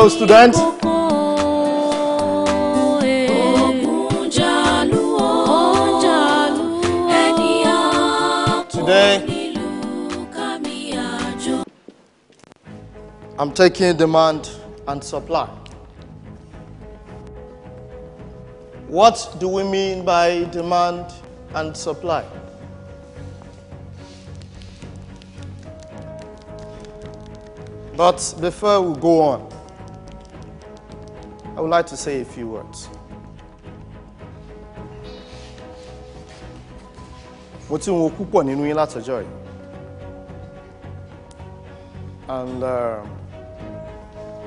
Hello, students. Today, I'm taking demand and supply. What do we mean by demand and supply? But before we go on, I would like to say a few words. mo ti wo púpọ̀ nínú yín látọjọ́ and uh,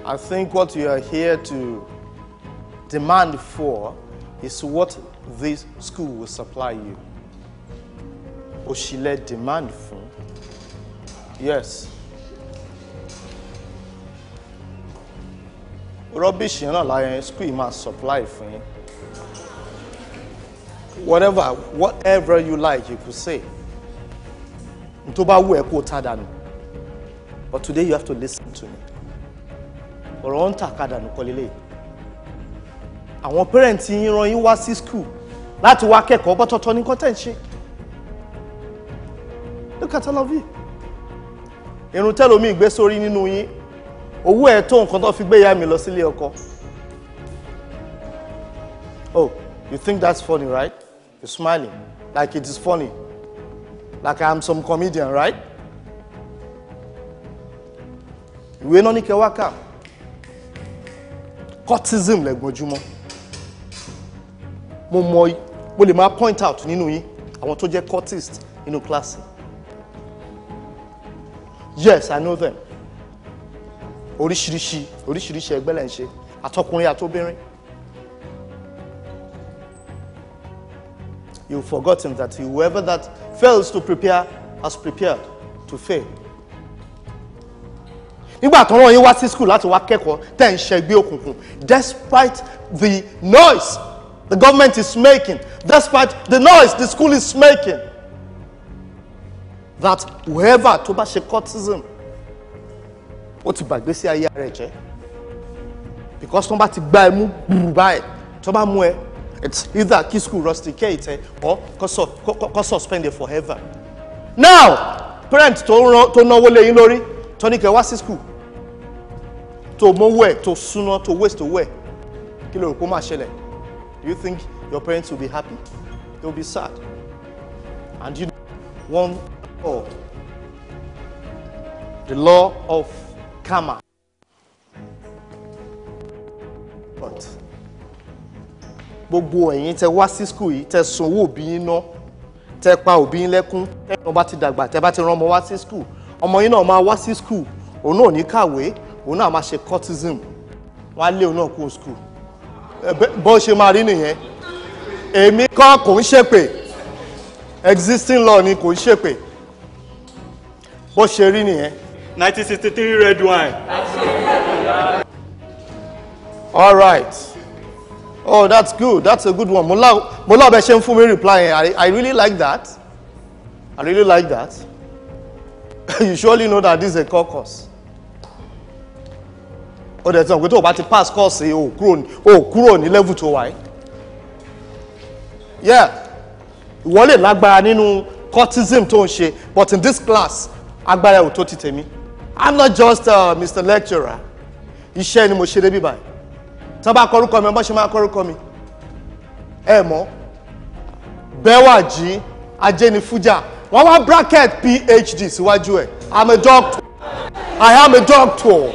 I think what you are here to demand for is what this school will supply you òṣìlẹ̀ demand for? yes. rubbish yẹn náà láyẹn school máa supply fún yín whatever whatever you like you could say n tó bá wù ẹ́ kó o ta dànù but today you have to listen to me ọ̀rọ̀ ń tà ká dànù kọ́ lélẹ̀ àwọn parent yín rán yín wá sí school láti wá kẹ́kọ̀ọ́ bọ́tọ̀tọ̀ ní content ṣe look at all of you irun tẹ́lómi ìgbésórí nínú yín owó ẹ̀ tó nǹkan tó fi gbé ìyá mi lọ sílé ọkọ. oh you think that's funny right you smiling like it is funny like I'm some comedian right. ìwé náà ní kẹwàá kà cortism lẹ́gbọ̀njúmọ́ mo mọ mo lè máa point out nínú yín àwọn tó jẹ́ cortist nínú kíláàsì yes I know them oríṣiríṣi oríṣiríṣi ẹgbẹ́ lẹ́ ń ṣe àtọkùnrin àtobìnrin. You've forgotten that whoever that fails to prepare has prepared to fail. Nígbà tó rán yín wá sí school láti wá kẹ́kọ̀ọ́ tẹ̀ ń ṣẹgbẹ́ òkùnkùn despite the noise the government is making despite the noise the school is making that whoever tó bá ṣe cultism ó ti bàgbésí ayé rẹ̀ jẹ́ because tó bá ti gbá ẹ gbùrù báyìí tó bá mú ẹ it's either kí school rusticate ẹ or kó suspend ẹ forever now parent tó náwó lẹ́yìn lórí tó ní kẹ́ wá sí school tó mówó ẹ tó súná tó waste owó ẹ kí ló rò kó máa ṣẹlẹ̀ do you think your parents will be happy they will be sad and you know one law the law of kama gbogbo ẹ̀yin tẹ wá sí skul yìí tẹ sanwó òbí yín ná tẹ pa òbí yín lẹ́kún tẹ́yìn ọba ti dàgbà tẹ bá ti rán ọmọ wá sí skul ọmọ yín náà máa wá sí skul òun náà ní kàwé òun náà máa ṣe cultism wọn á lé òun náà kó skul bó ṣe máa rí nìyẹn èmi kọ́ kò ń ṣèpè existing law ni kò ń ṣèpè bó ṣe rí nìyẹn 1963 red wine. all right oh that's good that's a good one mo love ẹ ṣe mi reply yẹn i really like that i really like that you surely know that this is a caucus Oh, there's tí wọ́n pé tó o bá oh, pass oh o kúrò ní level tó wáyé yeah Wale lagba aninu nínú cultism tó but in this class agbára ò tó ti tèmi i'm not just uh, mr lecturer iṣẹ́ ni mo ṣe débi báyìí tán bá kọrúkọ mi ọmọ ṣe máa kọrúkọ mi ẹ mọ̀ bẹ́wàjí ajẹ́nifújà wọ́n wá bracket phd síwájú ẹ̀ i'm a doctor i am a doctor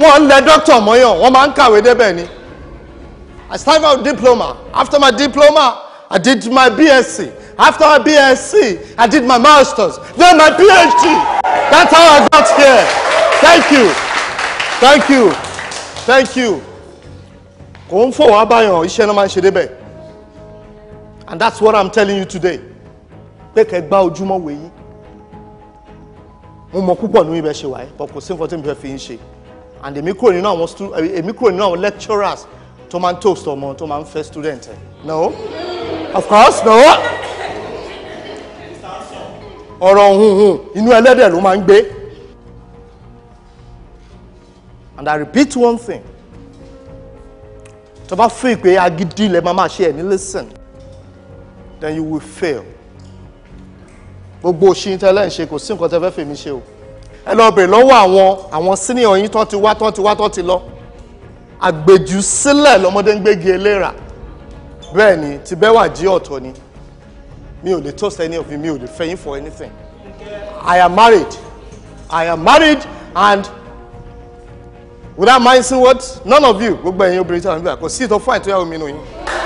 wọ́n ń lẹ doctor mọ́yàn wọ́n máa ń kàwé débẹ̀ ni i started out diploma after my diploma i did my bsc After a BSc, I did my master's, then my PhD. That's how I got here. Thank you. Thank you. Thank you. Kò ń fọwọ́ abáyàn iṣẹ́ náà máa ń ṣe débẹ̀. And that's what I'm telling you today. Pé kẹ́ gbá ojúmọ́ wèyí. Mo mọ púpọ̀ nínú ibẹ̀ ṣe wáyé, but kò sí nǹkan tí mo fẹ́ fi ń ṣe. And èmi kúrò nínú àwọn stu èmi kúrò nínú àwọn lecturers tó máa ń toast ọmọ tó máa ń fẹ́ student. No? Of course, no ọ̀rọ̀ hunhun inú ẹlẹ́dẹ̀ ló máa ń gbé. and I repeat one thing tó bá fún ìpè agídí lẹ máa máa ṣe ẹ̀ ní listen then you will fail gbogbo òṣìyìn tẹ́lẹ̀ ń ṣe kò sí nǹkan tẹ́ fẹ́ fèmí ṣe o ẹ lọ bèrè lọ́wọ́ àwọn àwọn senior yín tó ti wá tó ti wá tó ti lọ àgbèjù sílẹ̀ lọ́mọdé ń gbégi eléra bẹ́ẹ̀ ni tìbẹ́wà jí ọ̀tọ̀ ni mi ò lè toast any of you mi ò lè fẹ́ yín for anything I am married I am married and without minding words none of you gbogbo ẹ̀yin obìnrin tí a ń gbà kò sí ìtọ́ fún àìtọ́yàwó mi nù yín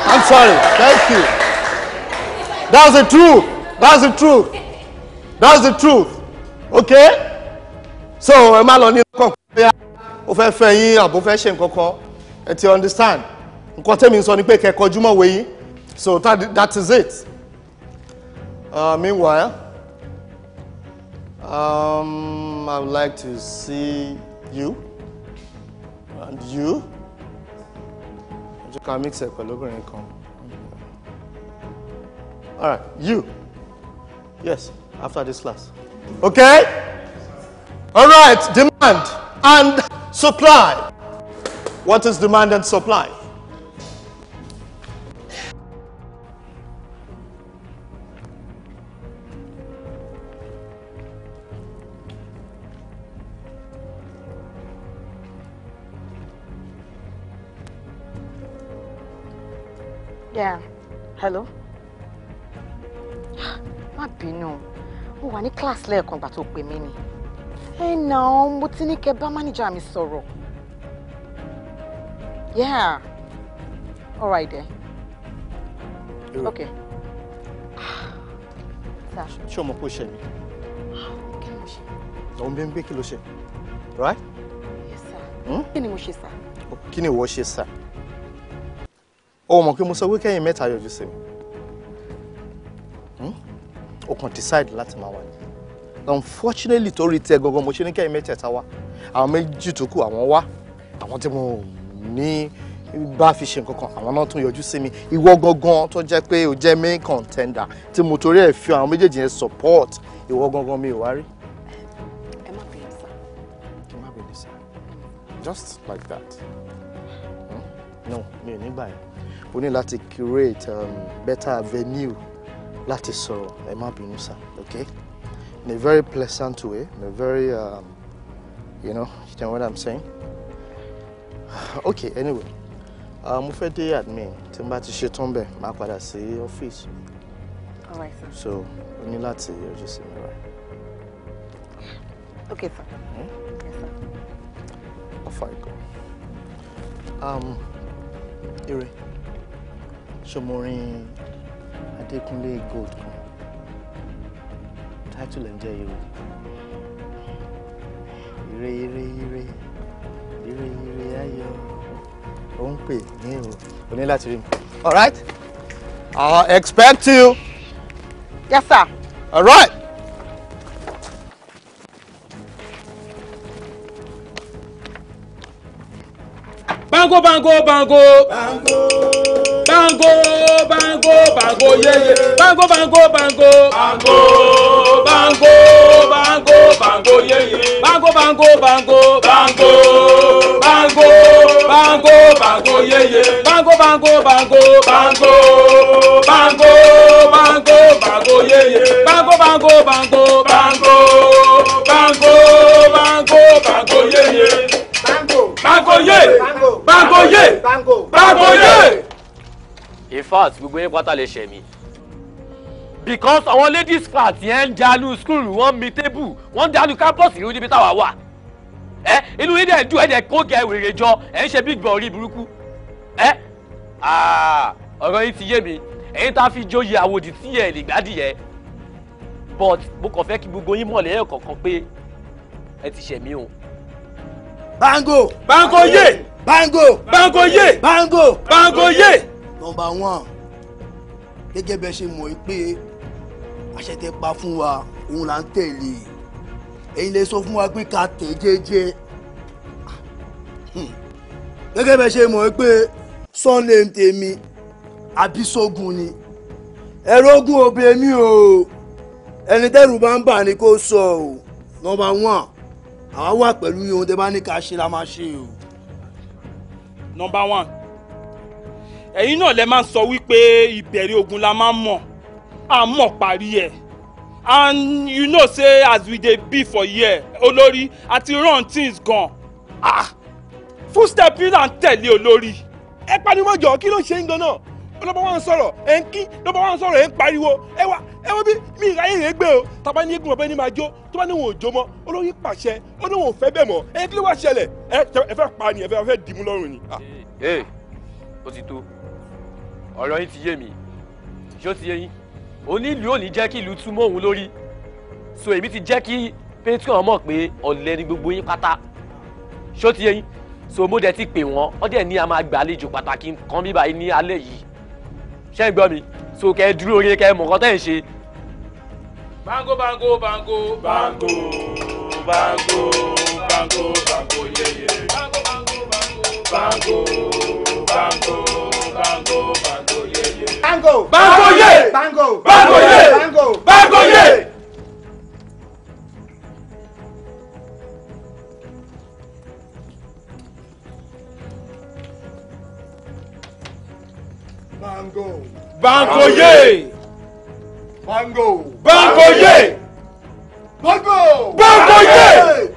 I'm sorry thank you that's the truth that's the truth that's the truth okay so ẹ má lọ ní ọkàn pé o fẹ́ fẹ́ yín àbò fẹ́ ṣe nǹkan kan ẹ ti understand nǹkan tẹ́mi sọ ni pé kẹ́kọ̀ọ́ jùmọ̀ wẹ̀yìn so that, that is it. Uh, meanwhile, um, I would like to see you and you. You can mix it pẹ̀lú and come. All right, you. Yes, after this class. Okay? All right, demand and supply. What is demand and supply? Yeah. Hello? Má bínú. Mo wà ní class lẹ́ẹ̀kan ìgbà tó pè mí ni. Hey, now án, mo ti ní kẹ́ bá mánìjà mi sọ̀rọ̀. Yeah. All right then. Eh? Okay. Ṣé Show mọ̀ pé ó ṣe mi? Kí ni mo ṣe? Òun bí ń gbé kí ló ṣe? Right? Yes sir. Hmm? Kí Kini mo ṣe sir? Kini ni ìwọ sir? o mọ̀ pé mo sọ wíkẹ́yìn mẹ́ta yọjú sí mi hmm? o kàn decide láti máa wà ní unfortunately torí tẹ gangan mo ṣe ní kẹ́yìn mẹ́tẹ̀ẹ̀ta wá àwọn méjì tó kù àwọn wá àwọn tí mo ní bá fi ṣe nǹkan kan àwọn náà tún yọjú sí mi ìwọ gangan tó jẹ́ pé o jẹ́ main contender tí mo torí ẹ̀ fi àwọn méjèèjì yẹn support ìwọ gangan mi ò wá rí. ẹ má bẹ̀rẹ̀ sá. ẹ má bẹ̀rẹ̀ sá just like that. Hmm? no mi ò ní gbà yẹn o ní láti curate um, better venue láti sọ̀rọ̀ ẹ má bínú sá okay in a very pleasant way in a very um, you know you know what i'm saying okay anyway uh, mo fẹ́ dé admin tí n bá ti ṣe tán bẹ́ẹ̀ máa padà sí ọ́fíìsì so o ní láti yọjú sí mi right. okay sir. Hmm? Yes, sir. Um, Ire ṣọmọrin Adékúnlé Gold kan title ẹ̀ ń jẹ́ ìwé ire ire ire ire ire ayọ̀ ó ń pè ní o ò ní láti rí mi. all right i expect you. yes sir. all right. bango bango bango. bango bango yeye. bango bango bango. bango bango bango bango yeye. bango bango bango. bango bango bango bango yeye. bango bango bango. bango bango bango bango yeye. bango bango bango. bango bango bango bango yeye. bango bango ye. bango ye. bango ye in fact gbogbo yín pátá lè ṣẹ̀mí because àwọn ladies flat yẹn ń jalu school wọ́n mi table wọ́n ń jalu campus ìlú níbi táwa wà ẹ inú yín dẹ̀ dùn ẹ̀ dẹ̀ kó kẹ́ wèrè jọ ẹ̀ ń ṣe big boy orí burúkú ẹ ah, ọ̀rọ̀ yìí ti yé mi ẹ̀yin tá a fi joyè àwòdì tí yẹ lìgbádìyẹ but mo kàn fẹ́ kí gbogbo yín mọ̀ lẹ́yìn kọ̀ọ̀kan pé ẹ ti ṣẹ̀mí o. bango bango ye bango bango ye bango bango ye. Bango nọmba one gẹ́gẹ́ bẹ́ẹ̀ ṣe mọ̀ pé àṣẹ tẹ́ pa fún wa òun là ń tẹ̀lé ẹ̀yin lè sọ fún wa pé ká tẹ̀ jẹ́jẹ́ hmm. gẹ́gẹ́ bẹ́ẹ̀ ṣe mọ̀ pé sunday ń tèmi abisogun ni ẹ̀rọ ogun obìnrin mi o ẹni tẹ́rù bá ń bà ní kó sọ o nọmba one àwa wà pẹ̀lú ohun tẹ́ bá ní ká ṣe la máa ṣe o. nọmba one ẹ̀yin náà lẹ máa ń sọ wípé ìbẹ̀rẹ̀ ogun la máa ń mọ̀ à mọ̀ parí ẹ̀ and you know say as we dey be for here olórí àti run things gan ah full step in and tẹ̀lé olórí. ẹ pariwo jọ kí ló ṣe ń gan náà lọ́bọ̀ wọn sọ̀rọ̀ ẹ̀ ń kí lọ́bọ̀ wọn sọ̀rọ̀ ẹ̀ ń pariwo ẹ wá ẹ wọ́n bí mi ìráyè rẹ̀ gbé o tàbá ní eégún ọ̀bẹ ní máa jó tó bá ní wọn ò jó mọ́ olórí pàṣẹ ó ní wọn ò fẹ́ bẹ́ẹ̀ mọ́ ẹ kí ló wá ṣẹlẹ̀ ẹ fẹ́ pa ni ẹ fẹ́ dìímú lọ́rùn ni. Ah. ee o ti tó ọ̀rọ̀ yín ti yé mi ṣó ti yé yín onílù ò ní jẹ́ kí ìlú túmọ̀ òun lórí so èmi ti jẹ́ kí patreon mọ̀ pé ọ̀lẹ ni gbogbo yín pátá ṣó ti yé yín so mo dẹ̀ ti pè wọ́n ó dẹ̀ ní a máa gbàlejò pàtàkì kan bíbá yìí ní alẹ́ yìí ṣé ń gbọ́ mi so kẹ́ ẹ dúró orin kẹ́ ẹ mọ̀ kọ́ tẹ́ ẹ̀ ṣe. bango bango bango bango bango bango bango yeye bango bango bango bango bango bango ye ye. bango bango ye bango bango ye bango bango ye. bango. bango ye. bango. bango ye. bango. bango ye.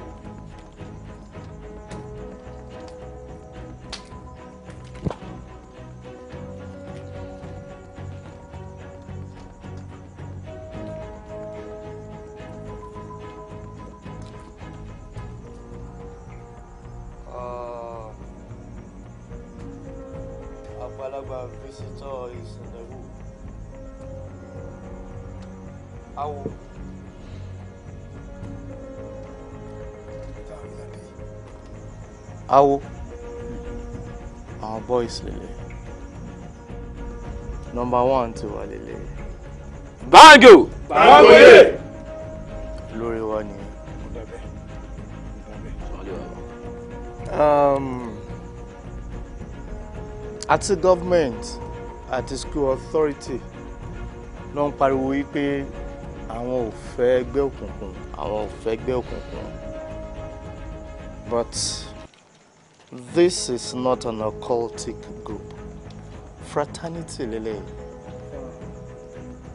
awo àwọn boys lele number one ti wà lele. bango. bango ye. lórí wa ni. Um, àti government àti school authority ló ń pariwo wípé àwọn ò fẹ́ ẹgbẹ́ òkùnkùn àwọn ò fẹ́ ẹgbẹ́ òkùnkùn but. This is not an occultic group. Fraternity lele.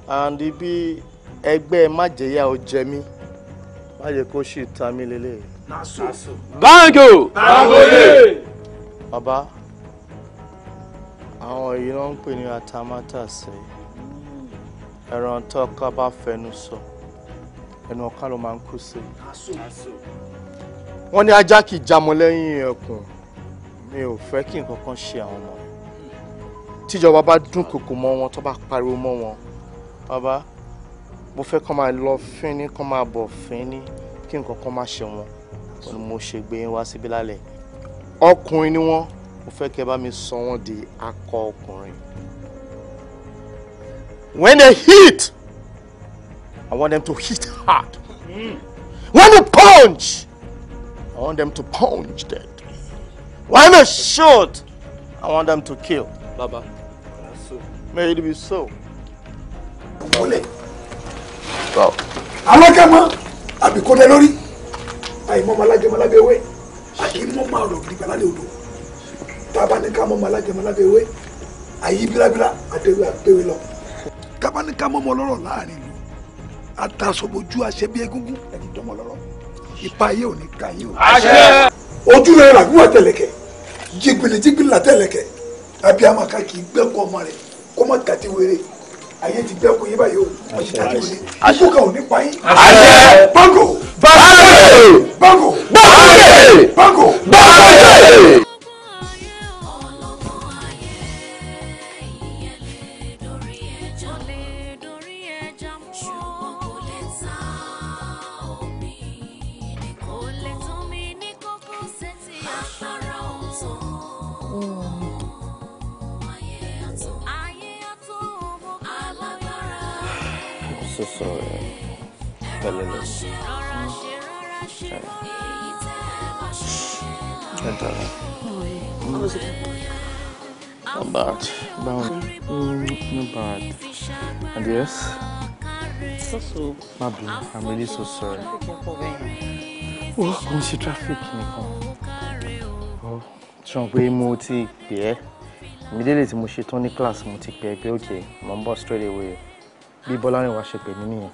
And ibi ẹgbẹ́ májèyà ọjẹ́mí májè kó sì ta mí lele. Bango! Bangoye! Bàbá, àwọn èyí ló ń pè ní atamátàsé. Ẹran tó ká bá fẹnu sọ, ẹnu ọ̀ká ló máa ń kú sí. Wọ́n ní ajá kìí jámọ́ lẹ́yìn ẹkùn mi ò fẹ́ kí nǹkan kan ṣe àwọn ọmọ tíjọba bá dún kòkò mọ́ wọn tó bá pariwo mọ́ wọn bàbá mo fẹ́ kọ́ máa lọ fínní kọ́ máa bọ̀ fínní kí nǹkan kan má ṣe wọn ni mo ṣe gbé wá síbí lálẹ́ ọkùnrin ni wọ́n mo fẹ́ kẹ́ bá mi sọ wọ́n di akọ ọkùnrin when they hit I want them to hit hard mm. when they punch I want them to punch dead. Why not shoot? I want them to kill. Baba. May it be so. Wọlé. Alágàmọ́ àbí kọ́dẹ lórí. Àìmọ́ malágẹmọ́ lábẹ́ ewé. Àìmọ́ máa rọ̀ gbígbà lálẹ́ odò. Tábà ní ká mọ́ malágẹmọ́ lábẹ́ ewé. Àyí bílábílá àtẹ̀wé àpéwé lọ. Tábà ní ká I ọmọ ọlọ́rọ̀ láàrin ìlú. Àtàsọ̀bọ̀jú àṣẹ bí egúngún ẹ̀dùn tọmọ ọlọ́rọ̀. Ipa ayé ò ní ká yé o. Àṣẹ. Ojú rẹ̀ ràgúwà tẹ̀lẹ̀kẹ̀ jigbele jigbele la tẹ̀lẹ̀kẹ̀ abiyama ká kì í gbẹ́ kọ́ ọmọ rẹ̀ kó má gàdí wéré ayé ti gbẹ́ kó yé báyìí o wọ́n ti gàdí wéré ikú kan ò ní pa yín. àṣẹ bango bango bango bango bango bango. bad. Bad. Mm, not bad. And yes? So so. Mabi, I'm really so sorry. Wọ́n kò ń traffic nìkan. Ọ̀ ṣan pé mo ti pè ẹ́. Ìmídélè tí mo class mo ti okay, mo ń straight away. Bí Bọ́lárìnwá ṣe pè mí nìyẹn.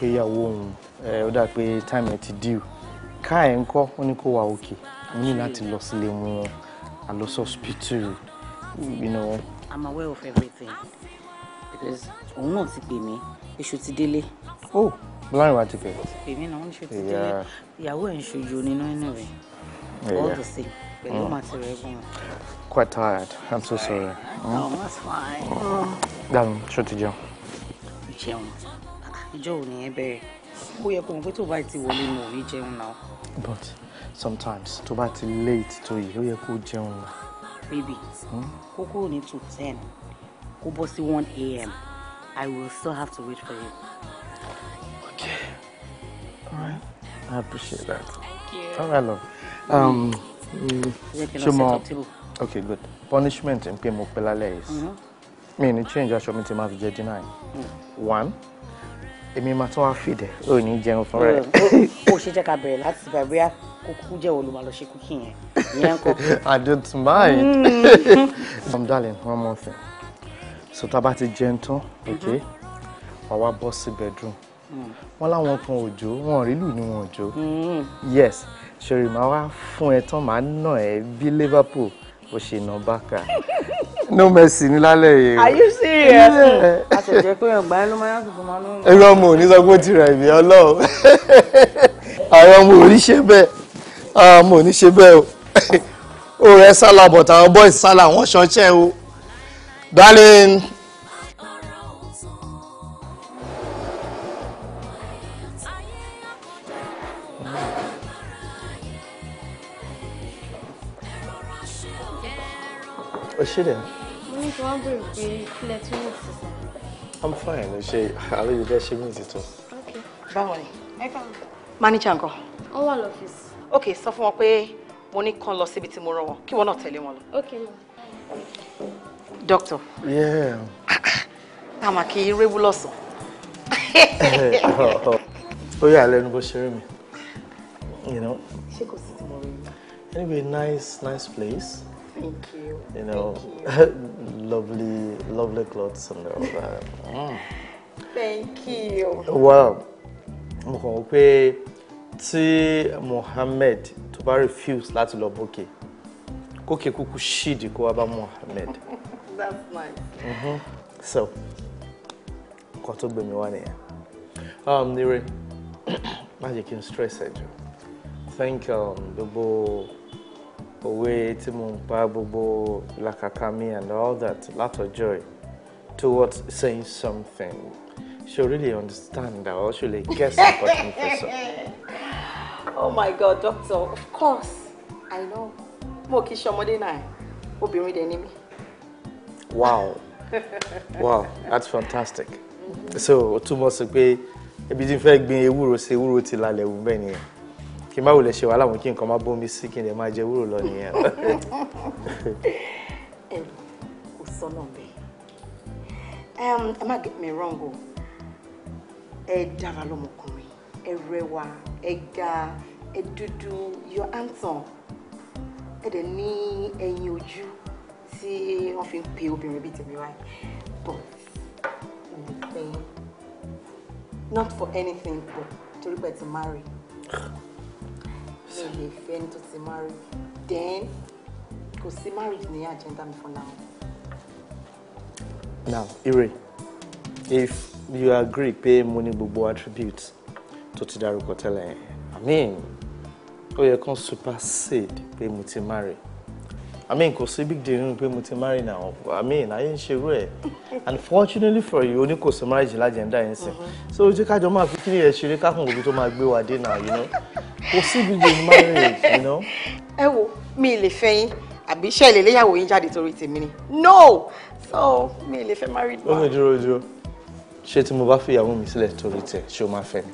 Pé ìyàwó òun eh, ó dà pé time ẹ ti due. Ká ẹ̀ ń kọ́ ó ní kó wà òkè. Mo ní láti lọ sílé wọn. A lọ you know. I'm aware of everything because òun náà ti be me. èṣù should délé. oh blind wa ti pè. èmi náà wọ́n ní ṣe ti Yeah, ìyàwó ẹ̀ ń ṣojo nínú inú all the same pẹ̀lú mm. màtìrẹ̀ ẹ̀gbọ́n. quite tired i'm so sorry. Oh, mm. no that's fine. Damn, ṣó ti jẹun. jẹun ah, ìjọ ò ní ẹ bẹ̀rẹ̀ ó yẹ kó mọ̀ pé tó bá ti but sometimes to bá ti late to you, ó yẹ kó jẹun náà baby hmm? kó kúrò ní two ten kó bọ́ one a.m. I will still have to wait for you. Okay. All right. I appreciate that. Thank you. All right, love. Um, ṣé mo okay good punishment n pe mo pe lálẹ́ yìí mm-hmm. mi ni change I show me to my jẹ dinner yìí mm. one èmi máa tún Oh, you need ní jẹun fún rẹ. Mm. o ṣe jẹ́ ká bẹ̀rẹ̀ láti bẹ̀rẹ̀ bóyá kó kúkú jẹ́ olùmọ̀ lọ ṣe cooking yẹn ìyẹn kọ́. I don't mind. I'm mm. darling one more thing so tá a ti jẹun okay mm-hmm. wàá wá bọ́ sí bedroom mm. wọ́n láwọn kan òjò wọn rí ní wọn òjò mm. yes ṣòrí màá wá fún ẹ tán màá nà ẹ bí Liverpool bó ṣe nà bákà no mercy ní lálẹ́ yìí. are you serious? a ṣe jẹ́ pé ọgbà ẹ ló máa ń yàtọ̀ fún ọmọ náà. irọ́ mo ò ní sọ pé ó ti rẹ̀ mí ọlọ́run àwọn ọmọ òrí ṣe bẹ́ẹ̀. Ah, mo ní ṣe bẹ́ẹ̀ o ó rẹ sálà but àwọn boys sálà wọ́n ṣanṣẹ́ o darling. Ó ṣe dẹ̀. Mo ní kí wọ́n I'm fine, ó ṣe àlejò fẹ́ ṣe mí ìtìtọ́. Ok, báwo ni? Manager nǹkan. Ó wà ok sọ fún wọn pé mo ní kán lọ síbi tí mo rán wọn kí wọn náà tẹ̀lé wọn lọ. ok ma. doctor. yeah. àmà kì í réwú lọ́sàn. ó yà lẹ́nu bó ṣe rí mi. ṣé kò sí tí mo mi. anyway nice nice place. Thank you. You know, lovely, lovely clothes and all that. Mm. Thank you. Well, mo kàn wọ́n pé tí Mohammed tó bá refuse láti lọ bókè kókè kúkú ṣíìdì kó wá bá Mohammed. that's nice. Mm-hmm. so nǹkan tó gbé mi wá nìyẹn. Um, nire má jẹ́ kí n stress ẹ̀ jù thank um, gbogbo òwe tí mo ń pa gbogbo làkàkà mi and all that látọjọ́ ẹ̀ towards saying something she really understand that, or she like guess for professor. oh my god doctor of course i know mo kì í ṣọmọdé náà obìnrin dẹ̀ ni mí. wow wow that's fantastic so o túmọ̀ sí pé ebi tí n fẹ́ gbin ewúro sí ewúro ti lálẹ́ òun bẹ́ẹ̀ nìyẹn kí n má wulẹ̀ ṣe wàhálà wọn kí nǹkan má bómi sí kí n lè máa jẹ ewúro lọ nìyẹn. ẹ kò sọ náà bẹ́ẹ̀ ẹ má get me wrong o ẹ dára lọmọkùnrin ẹ rẹwà ẹ ga ẹ dúdú you're handsome ẹ dẹ̀ ní ẹyin ojú tí wọ́n fi ń pe obìnrin bíi tèmi wáyé but ẹyin not for anything but torí pé ti marry mi lè fẹ́ ẹni tó ti marry then kò sí marriage ní agenda mi for now. now Ire if you agree pé mo ní gbogbo attributes tó ti dárúkọ tẹ́lẹ̀ yẹn i mean ó yẹ kán supersede pé mo ti marry i mean kò sí big deal nínú pé mo ti marry now i mean ayé ń ṣerú ẹ̀ unfortunately for you o ní kò sí marriage lájẹ̀ndà yẹn sìn uh-huh. so ojú kájọ máa fi kíni ẹ̀ ṣeré kákùn òbí tó máa gbé wa dé now you know kò sí big deal marriage you know. ẹ wo mi ì lè fẹ́ yín àbí iṣẹ́ ìlẹ́lẹ́yàwó yín jáde torí tèmi ni no so mi ì lè fẹ́ married man. ó mi dúró dúró ṣé tí mo bá fìyàwó mi sílẹ̀ torí tẹ̀ ṣé o máa fẹ́ mi.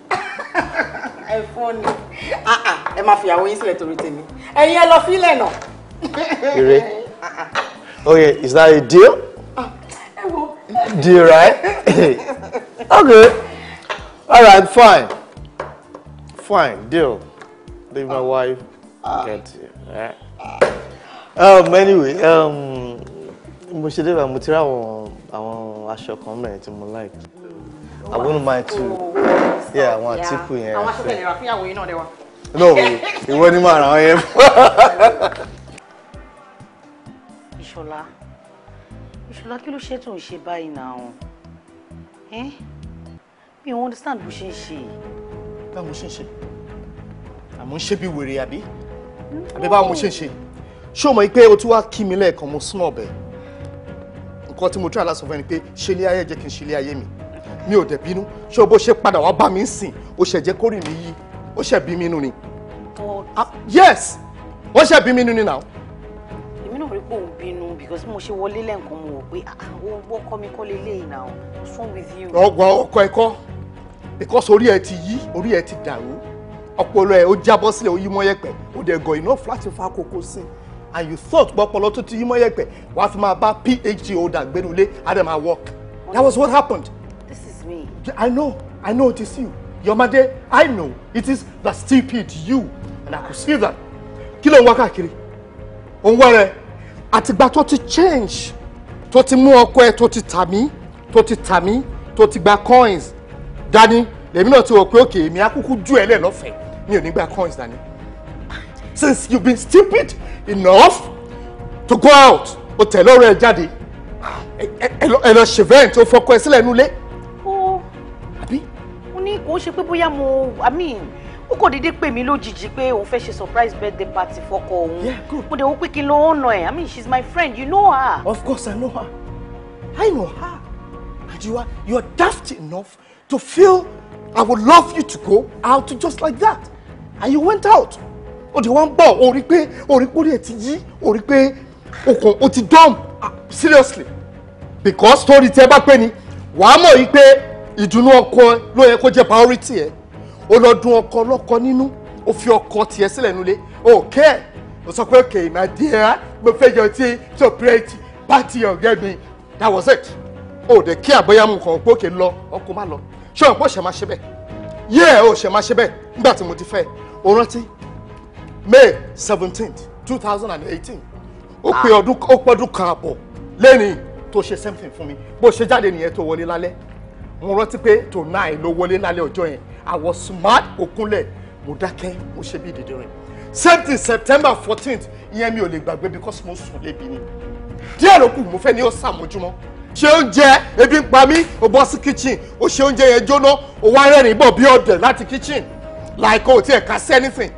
ẹ fọ́ ni ah, ah, ẹ máa fìyàwó yín sílẹ̀ torí tèmi ẹ̀yin ẹ lọ fílẹ̀ náà. ire okay is that a deal? Ah, deal right? okay all right fine fine deal leave my wife get right? um anyway um mo ṣe débà mo ti rí àwọn àwọn aṣọ kan mẹ́rin tí mo like. I wouldn't mind to. Oh, oh, oh. Yeah, I want to Àwọn you. tẹ̀lé ra fúnyàwó yìí náà dẹ̀ wá. No, ìwọ ni màá ràn án yẹn. Ìṣọ̀lá, Ìṣọ̀lá kí ló ṣe tó ń ṣe báyìí náà? Mi ò understand bó ṣe ń ṣe. Báwo mo ṣe ń ṣe? Àmọ́ ń ṣe bí wèrè àbí? Àbí báwo mo ṣe ń ṣe? Ṣé o mọ̀ pé o tún wá kí mi lẹ́ẹ̀kan mo sún ọ̀bẹ? Nǹkan tí mo tún àlá sọ fún ẹni pé mi ò dẹ̀ bínú ṣé o bó ṣe padà wá bá mi sìn o ṣẹ̀ jẹ́ kórìí mi yí o ṣẹ̀ bí mi nù ni. Ah, yes o ṣẹ̀ bí mi nù ni now. èmi náà rí pé òun bínú because mo ṣe wọlé lẹ́ǹkan mo wò pé ah, ah, owó ọkọ mi kọ́ lélẹ́yìn náà what's wrong with you. ọgbọ́n ọkọ ẹ̀kọ́ because orí ẹ ti yí orí ẹ ti dàrú ọpọlọ ẹ ó jábọ́ sílẹ̀ ó yí mọ́ yẹ̀pẹ̀ ó dẹ̀ gọ̀ iná fúláṣí fa kókó sí and you thought pọpọlọ tó ti yí mọ́ yẹ̀pẹ̀ wàá fi máa bá phd holder gbénulé adam awok that was what happened me. I know. I know it is you. your mother. I know it is the stupid you. And I could see that. Kí ló ń wá káàkiri? Òun to ti change. Tó ti mú ọkọ ẹ̀ tó ti tà mí. Tó ti tà mí. ti gba coins. Dání, Let me ti wọ̀ pé òkè èmi akúkú jù ẹ́ lẹ̀ lọ́fẹ̀ẹ́. Mi ò ní gba coins dání. Since you've been stupid enough to go out, o tẹ̀lé ọ̀rẹ́ ẹ jáde. Ẹ lọ ṣèvẹ́ǹtì, o fọkọ ẹ sílẹ̀ nule kò ń ṣe pé bóyá mo i mean ó kò déédéé pè mí lójijì pé òun fẹ́ ṣe surprise birthday party fọkọ òun mo dẹ̀ wọ́n pé kí n lọ ọ̀nà ẹ̀ i mean she's my friend you know her. of course i know her i know her ajiwa you are daft enough to feel i would love you to go out just like that and you went out o de wa n bọ̀ o rí pé o rí pé orí ẹ ti yí o rí pé o kàn o ti dumb ah, seriously because torí tẹ bá pé ni wàá mọ̀ yí pé ìdùnnú ọkọ ló yẹ kó jẹ́ priority ẹ̀ ó lọ dun ọkọ lọ́kọ nínú ó fi ọkọ tiẹ̀ sílẹ̀ nulẹ̀ ó kẹ́ ẹ̀ ó sọ pé okay my dear mo fẹ́ yọ tí tó pírẹ́tì pàtì ọ̀gẹ́ mi that was it ó dẹ̀ kí àbọ̀yá mu kàn pé òkè lọ ọkọ má lọ ṣé òun pọ̀ ṣẹ̀ máa ṣe bẹ́ẹ̀ yẹ́ ò ṣẹ̀ máa ṣe bẹ́ẹ̀ nígbà tí mo ti fẹ́ o rántí May seventeenth two thousand and eighteen ó pé ah. ọdún ó pọ́dún kan àbọ̀ lẹ́nìí tó ṣe same thing fún mi bó ṣe jáde nìyẹn tó wọlé lálẹ́ mo rántí pé tònáì ló wọlé lálẹ́ ọjọ́ yẹn I was smart okunlẹ̀ mo dákẹ́ mo ṣe bí dídín rẹ̀ same thing September fourteenth ìyẹn mi ò lè gbàgbé because mo sùn lébi ni díẹ̀ ló kù mo fẹ́ ní ọ̀sán àmójúmọ́ ṣe oúnjẹ ebi ń pa mí o bọ́ sí kitchen o ṣe oúnjẹ yẹn jóná o wá rẹ́rìn bọ̀ bí ọ̀dẹ̀ láti kitchen like o tiẹ̀ ká sí anything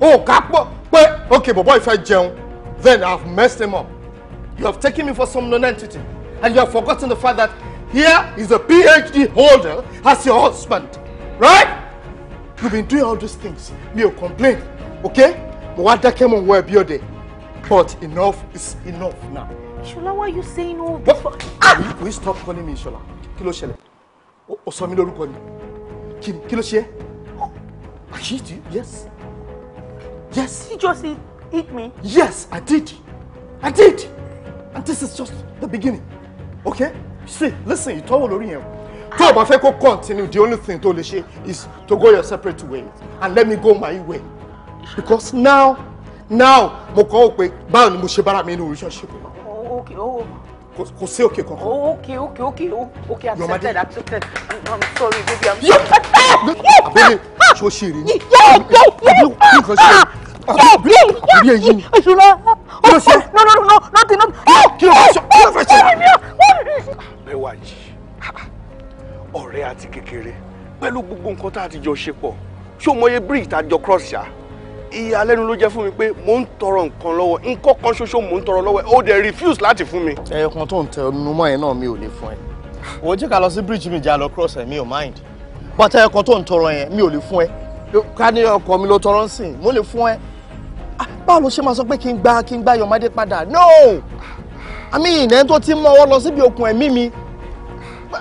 o ká pọ̀ pé okay bọ̀bọ̀ ìfẹ́ jẹun then I have messed him up you have taken me for some non-entity and you have forgotten the fact that Here is a PhD holder as your husband, right? You've been doing all these things. Me, you complain, okay? But what that came on where be day. But enough is enough now. Shola, why are you saying all this? But, ah! will, will you stop calling me Shola? Kí ló ṣẹlẹ̀? Ó sọ mí lórúkọ ni. Kí kí I hit you, yes. Yes. He just hit, hit me. Yes, I did. I did. And this is just the beginning, okay? see listen ìtọ́wò lórí yẹn tó o bá fẹ́ continue the only thing tó lè ṣe is to go your separate way and let me go my way because now now mo kọ́ ọ pé báwo ni mo ṣe bára mi nínú relationship oh, oh. kò sí òkè kankan. Oh, okay okay okay okay accepted accepted i'm sorry baby i'm sorry. abẹ́lé ṣó ṣe rí ni abẹ́lé nǹkan ṣe àbí èyí ni. ìṣúná ló ṣe. no no no nothing nothing. kí ló fẹ́ ṣe kí ló fẹ́ ṣe. mẹ́wàá yìí ọ̀rẹ́ àti kékeré pẹ̀lú gbogbo nǹkan tá a ti jọ ṣe pọ̀ ṣó mọye bridge tá a jọ cross ṣá ìyàlẹ́nu ló jẹ́ fún mi pé mò ń tọrọ nǹkan lọ́wọ́ nǹkan kan ṣoṣo mò ń tọrọ lọ́wọ́ ẹ̀ ó dẹ̀ refuse láti fún mi. ẹ̀ẹ̀kan tó ń tẹ numọ́ yẹn náà mi ò lè fún ẹ. wò ó jẹ́ ká lọ sí bridge mi jà lọ cross ẹ̀ mi ò mind. bàtà ẹ̀ẹ̀kan tó ń tọrọ yẹn mi ò lè fún ẹ ká ní ọkọ mi ló tọrọ ń sìn mo lè fún ẹ ah, báwo ló ṣe máa sọ pé kí n gba kí n gba Yọ̀mádé padà no àmì ìnẹ́ tó ti mọ́ ọ lọ síbi òkun ẹ̀mí mi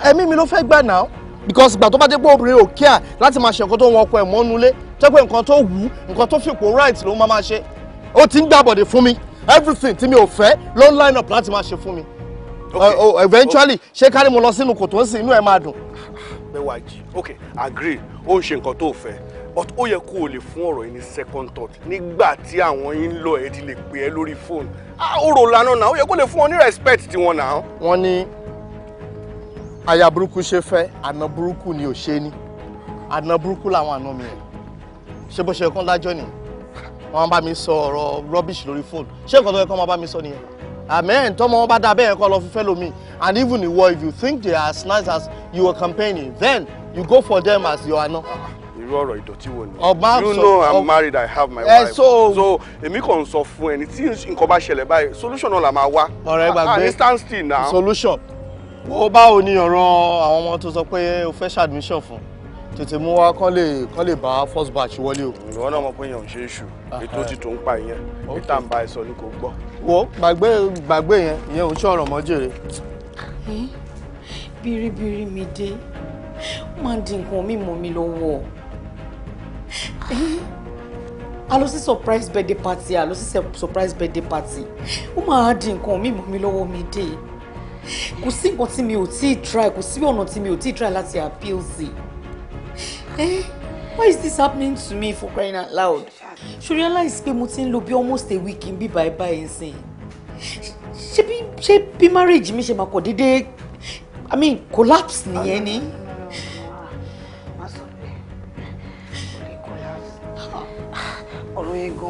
ẹ̀mí mi ló fẹ́ gbà náà because ìgbà tó bá dé pé obìnrin ò kíà láti máa ṣe nǹkan tó wọn ọkọ ẹ̀ mọ́nulé jẹ́ nǹkan tó wù ú nǹkan tó fipò right ló máa máa ṣe ó ti ń gbàbọ̀dẹ̀ fún mi everything tí mi ò fẹ́ ló ń line up láti máa ṣe fún mi uh, oh, eventually ṣé kárí mo lọ sínú kòtò ń sìn inú ẹ̀ máa dùn. bẹ́ẹ̀ wá jí ok agree ó ń ṣe nǹkan tó fẹ́ but ó yẹ kó o lè fún ọ̀rọ̀ yìí ní second thought nígbà tí àwọn yìí ń lọ ẹ ti lè pè ẹ lórí fóònù ó rò lánàá náà ó yẹ kó lè fún ọ ní respect tiwọn náà. wọ́n ní aya burúkú ṣe fẹ́ àna burúkú ni ò ṣe ní àna burúkú làwọn àna mi yẹn ṣé bó ṣe kán lájọ́ nìyẹn wọ́n bá mi sọ ọ̀rọ̀ rubbish lórí fóònù ṣé nǹkan tó yẹ kán wọ́n bá mi sọ nìyẹn amen tọmọ wọn bá dá bẹ́ẹ̀ kọ́ lọ fún fẹ́lómi and even ìwọ if you think they are as nice as you were campaigning then you go for them as your àna irú ọ̀rọ̀ ìdọ̀tí wo ni. ọba sọ you know i'm married i have my eh, wife. so èmi kàn sọ fún ẹni tí nǹkan bá ṣẹlẹ̀ báyìí solution náà la máa wá. ọ̀rẹ́ gbàgbé instant ah, still solution wo báwo ni ọ̀ràn àwọn ọmọ tó sọ pé o fẹ́ ṣàdmíṣàn fún tètè mú wa kán lè kán lè bá first batch wọlé o. ìwọ náà mọ̀ pé èèyàn ń ṣe iṣu ètò tí tó ń pa ìyẹn níta ń bá ẹ sọ ni kò gbọ́. wo gbàgbé gbàgbé yẹn ìyẹn ò ń ṣọ̀rọ̀ mọ́ jèrè. Eh? bíríbírí mi dé ó máa di nǹkan mímu mi lọ́wọ́ a lọ sí surprise birthday party a lọ sí surprise birthday party ó máa di nǹkan mi mọ́ mi lọ́wọ́ mi dé kò sí nǹkan tí mi ò tíì try kò sí ọ̀nà tí mi ò tíì try láti appeal sí eh why is this happening to me for crying out loud ṣe realize pé mo ti ń lo bí almost a week n bí bye bye nsìn ṣe bí ṣe bí marriage mi ṣe máa kọ̀ déédéé i mean collapse nìyẹn ni. Oh, no.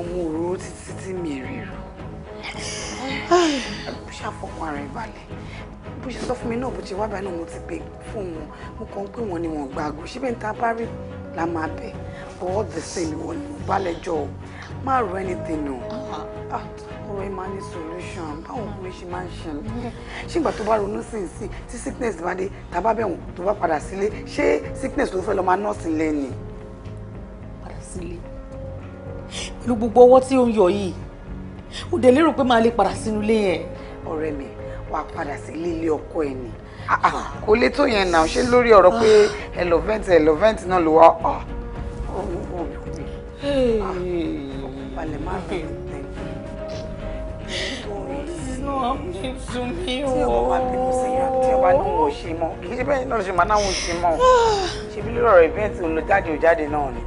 mu òróró títí tí mi rí rò bó ṣe àfọkàn ara ẹ̀ balẹ̀ bó ṣe sọ fún mi náà bó ṣe wábàá náà mo ti pè fún wọn mo kàn pé wọn ni wọn gbàgbọ́ síbẹ̀ níta bá rí la máa bẹ̀ all the same ìwọ ni mo bá lẹ́jọ́ o má rò anything o uh-huh. ah, ọ̀rọ̀ ẹ̀ máa ní solution báwo ni ṣe máa ń ṣẹlẹ̀ ṣígbà tó bá ronú sí sí tí sickness bá dé tàbá bẹ̀wọ̀n tó bá padà sílé ṣé sickness ló fẹ́ lọ́ọ́ máa nọ́ọ̀sì lẹ́ni. padà sílé lu gbogbo ọwọ́ tí ó ń yọ yìí ó dẹ̀ lérò pé máa lè padà sínú ilé yẹn. ọ̀rẹ́ mi wàá padà sí lílé ọkọ ẹ̀ ni ah, ah, kò lè tó yẹn náà ṣé lórí ọ̀rọ̀ pé elovent elovent náà ló wá ọ̀ ọ̀ ọ̀ balẹ̀ má bẹ̀ tí ọba bá bínú sẹ́yìn àti ọba ní òun ò ṣe mọ́ kì í ṣe bẹ́ẹ̀ náà ṣe máa náà òun ṣe mọ́ ṣe bí lórí ọ̀rọ̀ ìbẹ́ẹ̀ tí olùjáde ò jáde náà ni.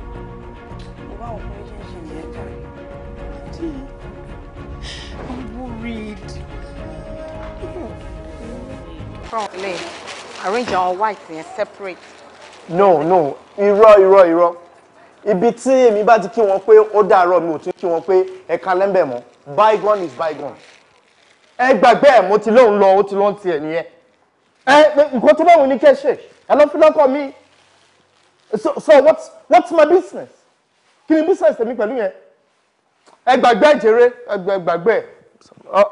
fáwọn ilé arrange àwọn white yẹn separate. no no irọ́ irọ́ irọ́ ibi tí èmi bá ti kí wọn pé ó dàárọ̀ mi ò tún kí wọn pé ẹ̀ka lẹ́ńbẹ̀ mọ́ bygone is bygone ẹ gbàgbé ẹ̀ mo ti lóun lọ ó ti lóun tiẹ̀ nìyẹn ẹ nǹkan tó bá wù ní kẹ́ ṣe ẹ lọ fi lọ́kọ mi so so what's what's my business kí ni business tèmi pẹ̀lú yẹn ẹ gbàgbé ẹ jèrè ẹ gbàgbé ẹ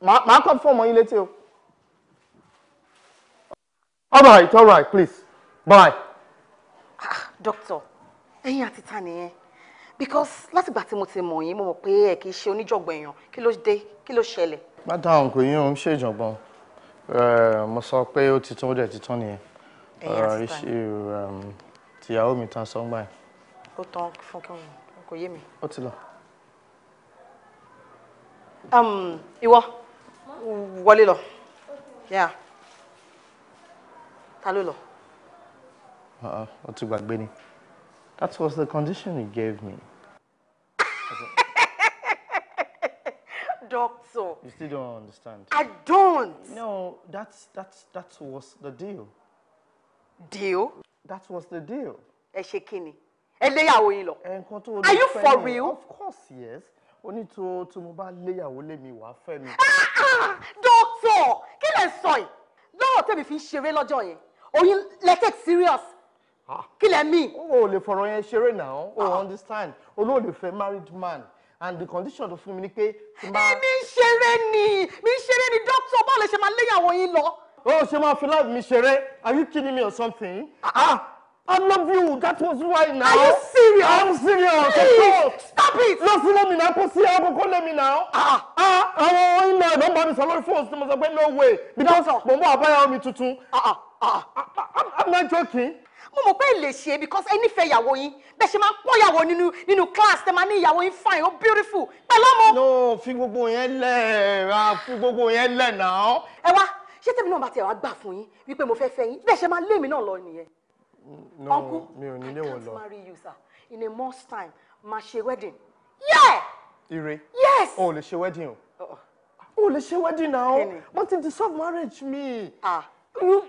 màá kọ́ fún ọmọ yín létí o all right all right please bye. ah doctor ẹ̀yin àti ta nìyẹn because látìgbà tí mo ti mọ̀ yín mo mọ̀ pé ẹ kì í ṣe oníjọ̀gbọ̀n èèyàn kí ló dé kí ló ṣẹlẹ̀. madam kò yín o ń ṣe ìjọ̀gbọ̀n eh, mo sọ pé ó ti tún ó dẹ̀ ti um, nìyẹn issue tìyàwó mi tán sọ́ngbà yẹn. ó tán fún kí n kò yé mi. ó ti lọ. Um, ìwọ wọlé lọ. Yeah ta ló lọ. Uh-uh, ó ti gbàgbé ni that was the condition he gave me. Doctor. You still don't understand. I don't. No, that's that's that was the deal. Deal? That was the deal. Ẹ ṣe kí ni? yín lọ. Nǹkan tó o lè fẹ́ mi. Are you for real? Of course yes. O ní tó tó mo bá léyàwó lémi wàá fẹ́ mi. Ah, ah, doctor, kí lè sọ yìí? Lọ́rọ̀ tèmi fi ń ṣeré lọ́jọ́ yẹn oyin let's take serious ah. kí lẹ mí. o ò lè fọ̀rọ̀ yẹn ṣeré náà o ò ah. understand olóòlè fẹ́ married man and the condition tó fún mi ni pé. èmi ń ṣeré ni mi ń ṣeré ni doctor báwo lè ṣe máa léyàwó yín lọ. o ṣe máa fi láàbù mi ṣeré are you kidding me or something. ah, ah. I love you. That was why now. Are you serious? I'm serious. Please, stop it. Lọ sí lómi náà, kò sí àkókò lómi náà. Àwọn ọ̀hún náà ló ń bá mi sọ lórí fóònù tí mo sọ pé no way. Because mo mú àbáyá omi tuntun. Ah, ah, ah, I'm not joking. mo mọ̀ pé lè ṣe because ẹni fẹ́ ìyàwó yín bẹ́ẹ̀ ṣe máa ń pọ́n ìyàwó nínú nínú class tẹ́ máa ní ìyàwó yín fine oh beautiful pẹ̀lú ọmọ. no fi gbogbo yẹn lẹ̀ ra fi gbogbo yẹn lẹ̀ náà. ẹ wá ṣé tèmi náà bá tiẹ̀ wá gbà fún yín wípé mo fẹ́ fẹ́ yín bẹ́ẹ̀ ṣe máa lé mi náà lọ nìyẹn. no mi ò ní wọn lọ. uncle i can't marry you sir in a month's time ma ṣe wedding. yeah. ire. yes. o ò lè ṣe wedding o. Uh-uh. o ò lè ṣe wedding náà. wọ́n ti dissolve marriage mi. ah. Mm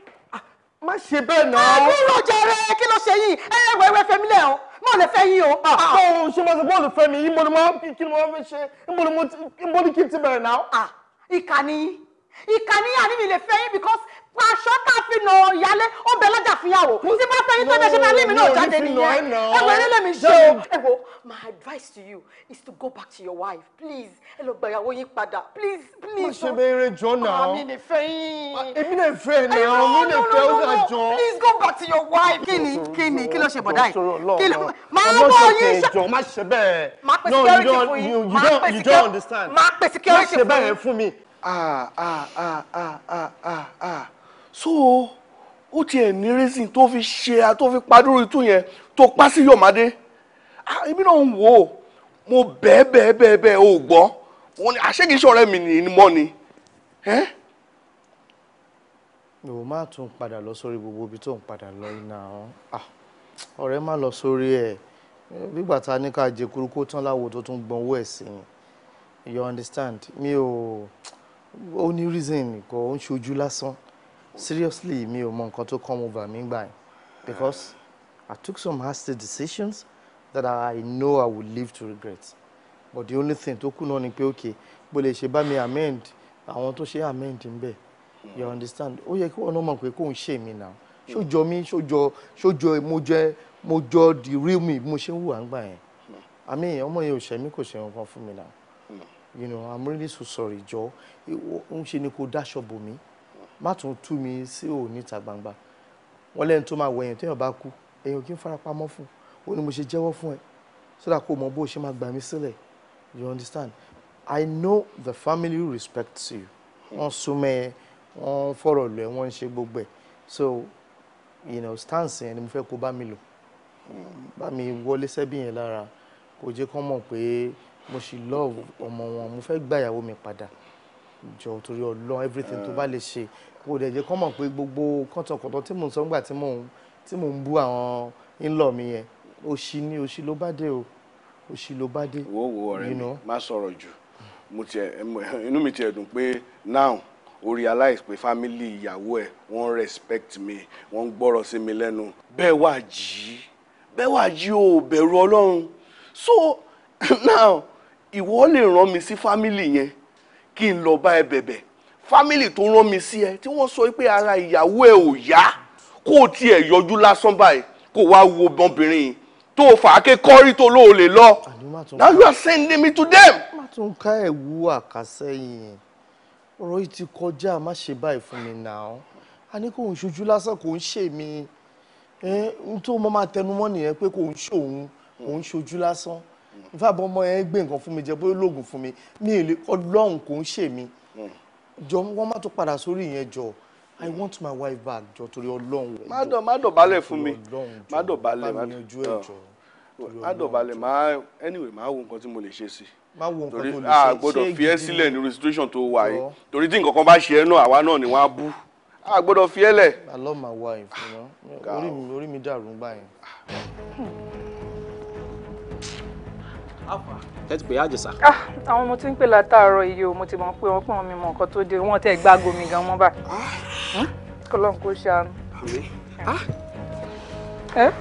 má ṣe bẹ́ẹ̀ náà. ẹ ah, kúrò jàre kí ló ṣe yìí ẹ ẹ wẹ́wẹ́ fẹ́mi lẹ́ o mo lè fẹ́ yín o. ọ̀hún ṣe máa ṣe bọ́ọ̀lù fẹ́mi yín mo ni mo máa ń kí ni mo máa ń ṣe ń bọ́ọ̀lù kí n ti bẹ̀rẹ̀ náà. Ah, ìkànnì ìkànnìyà ni mi lè because aṣọ tá nà ìyálé ó bẹ lọ́jà fìyàwó tí bá fẹ́ tó bẹ ṣe máa lé náà jáde nìyẹn ẹ̀wọ̀n ẹni lèmi ṣe o. ẹ wo my advice to you is to go back to your wife please ẹ lọ gba ìyàwó yín padà please please. mo ṣe béèrè jọ náà àmì lè fẹ́ yín. Ah, èmi lè fẹ́ náà àmì lè fẹ́ ó gà jọ. please go back to your wife. kí ni kí ni kí ló ṣe bọ̀dá yìí kí ló máa bọ̀ yín ṣá. má ṣe bẹ́ẹ̀ no you don't you don't you don't understand má ṣe bẹ́ẹ̀ fún mi ah ah ah ah ah ah ah so ó tiẹ̀ ní reason tó fi ṣe a tó fi padúró itú yẹn tó pa sí Yọ̀mádé ah ibi náà ń wò ó mo bẹ́ẹ̀ bẹ́ẹ̀ bẹ́ẹ̀ bẹ́ẹ̀ ò gbọ́ wọn ni àṣegíṣẹ́ ọ̀rẹ́ mi ni mọ́ ni. mi ò má tún padà lọ sórí gbogbo ibi tó ń padà lọ iná ọ ah, ọ̀rẹ́ má lọ sórí ẹ̀ eh, bígbà tá a ní ká jẹ kúrúkú tán láwo tó tún gbọ́n owó ẹ̀ sí ni you understand mi ò. Oh ó ní reason kò ń ṣojú lásán seriously mi ò mọ nǹkan tó come over mi gbà yẹn because I took some hasty decisions that I know I would live to regret but the only thing tó kù náà ni pé okay bó lè ṣe bá mi amend àwọn tó ṣe amend ń bẹ you understand ó yẹ kí wọn náà mọ̀ pé kò ń ṣe mí náà ṣójọ mi ṣójọ ṣójọ mo jẹ mo jọ the real me mo ṣe ń wù à ń gbà yẹn àmì ọmọ yẹn ò ṣe mí kò ṣe nǹkan fún mi náà you know i'm really so sorry jọ ń ṣe ni kò dáṣọ bò mí má tún tú mi sí òun níta gbangba wọn lẹ́nu tó máa wọ èèyàn téèyàn bá kú èèyàn kì í fara pamọ́ fún ó ní mo ṣe jẹ́wọ́ fún ẹ sódà kó mọ bó ṣe máa gbà mí sílẹ̀ you understand i know the family respects you wọ́n súnmọ́ ẹ wọ́n fọ̀rọ̀ lọ ẹ wọ́n ń ṣe gbogbo ẹ̀ so you know stance yẹn ni mo fẹ́ kó bá mi lò bá mi wọlé sẹ́bí yẹn lára kò jẹ́ kó mọ̀ pé mo sì love ọmọ wọn mo fẹ́ gba ìyàwó mi padà jọ torí Ọlọ́run everything tó bá lè ṣe kó o dẹ̀ jẹ́ kọ́ mọ̀ pé gbogbo kọ́tọ̀kọ́tọ̀ tí mò ń sọ ńgbà tí mò ń tí mò ń bú àwọn ńlọ mi yẹn òṣì ni òṣì ló bá dé o òṣì ló bá dé. wo wo ọ̀rẹ́ mi má sọ̀rọ̀ jù mo tiẹ̀ inú mi tiẹ̀ dùn pé now o realize pé family ìyàwó ẹ wọ́n respect mi wọ́n ń gbọ́rọ̀ sí mi lẹ́nu bẹ́ẹ̀ wà jí bẹ́ẹ̀ wà jí o bẹ̀rù Ọlọ́run so now ìwọ lè rán mi sí fámìlì yẹn kí n lọ bá ẹ bẹ̀bẹ̀ fámìlì tó rán mi sí ẹ tí wọ́n sọ pé ara ìyàwó ẹ ò yá kó o tiẹ̀ yọjú lásán báyìí kó o wá wo ọmọbìnrin yìí tó o fà á ké kọ́rí tó lóò lè lọ now you are sending me to them. má tún ká ẹ̀wú àkàsẹ́yìn ọ̀rọ̀ yìí ti kọjá má ṣe báyìí fún mi náà a ní kò ń ṣojú lásán kò ń ṣe mí n tó mọ́ máa tẹnu mọ́ nìyẹn pé kò ń ṣòun kò ń ṣojú lásán fábọ ọmọ yẹn gbé nǹkan fún mi jẹ bóyá lóògùn fún mi mi ò lè ọlọ́run kò ń ṣe mi jọ wọ́n má tún padà sórí ìyẹn jọ i want my wife back jọ torí ọlọ́run. má dọ̀ má dọ̀ balẹ̀ fún mi má dọ̀ balẹ̀ má yanjú ẹ̀ má dọ̀ balẹ̀ má anyway má wo nǹkan tí mo lè ṣe sí i torí a gbọ́dọ̀ fi ẹ́ sílẹ̀ nínú situation tó wà yìí torí tí nǹkan bá ṣe ẹ́ náà àwa náà ni wọ́n á bú a gbọ́dọ̀ fi ẹ́ lẹ̀. i love my wife you know orí mi orí mi dàrú báyìí. Ah tẹ́tí pé àjẹsà. Ah, àwọn ọmọ tí ń pè látàárọ̀ iye o mo ti mọ̀ pé wọ́n pọ̀ mi mọ̀ nǹkan tó dé wọ́n tẹ̀ gbá gomi gan mọ́ bá ah. hmm? kọ́lọ́n kó ṣàánú. Ah. Eh?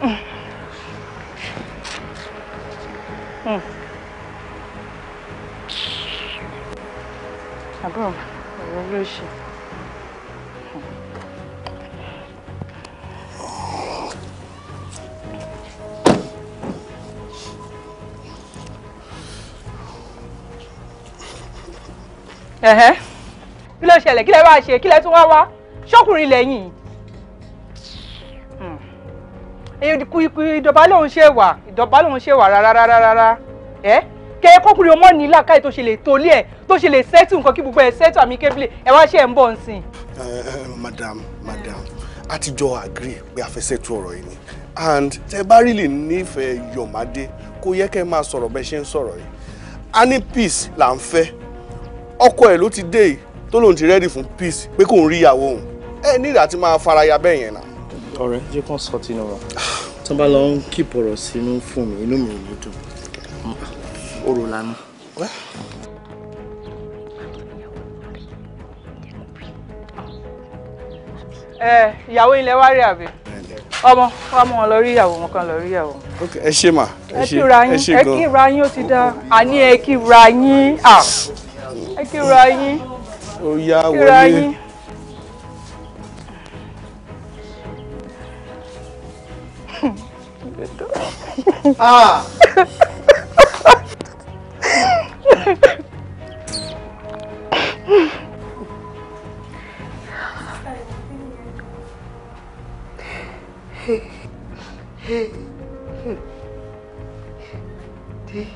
Hmm. Hmm. àbúrò ọ̀rọ̀ ló ṣe. kí ló ṣẹlẹ̀ kí lẹ wá ṣe kí lẹ tún wá wá ṣọ́kùnrin lẹ́yìn hmm. ìdọ̀bá lòun ṣe wà ìdọ̀bá lòun ṣe wà rárárárá ẹ kẹ kọkùnrin ọmọ ní làákàyè tó ṣe lè tolé ẹ tó ṣe lè sẹ́tù nǹkan kí gbogbo ẹ sẹ́tù àmì kébìlì ẹ wá ṣe ń bọ̀ nsìn. Eh, eh, madam madam a ti jọ agree pé a fẹ́ sẹ́tù ọ̀rọ̀ yìí ni and tẹ bá rí lè nífẹ̀ẹ́ yọ̀mádé kó yẹ kẹ́ máa sọ̀rọ̀ bẹ́ẹ̀ ṣe ń sọ̀rọ̀ yìí a peace là ń fẹ́ ọkọ ẹ ló ti dé yìí tó lóun ti rẹ́dì fún peace pé kóun rí ìyàwó òun ẹ nígbà tí máa faraya bẹ́ẹ̀ yẹn náà. ọ̀rẹ́ jẹ́ kàn sọ tinú wa. tó bá lọ ń kí pọ̀rọ̀ sínú fún mi inú mi ò ní dùn orò lánà. ẹ ìyàwó ilé wa rí àbí ọmọ ọmọ lọ rí ìyàwó wọn kan lọ rí ìyàwó. ẹ ṣe mà ẹ ṣe gan ẹ kíra yín ó ti dá àní ẹ yín. ẹ kíra yín ó yá wọlé. Ah! Hey. Hey. Hey.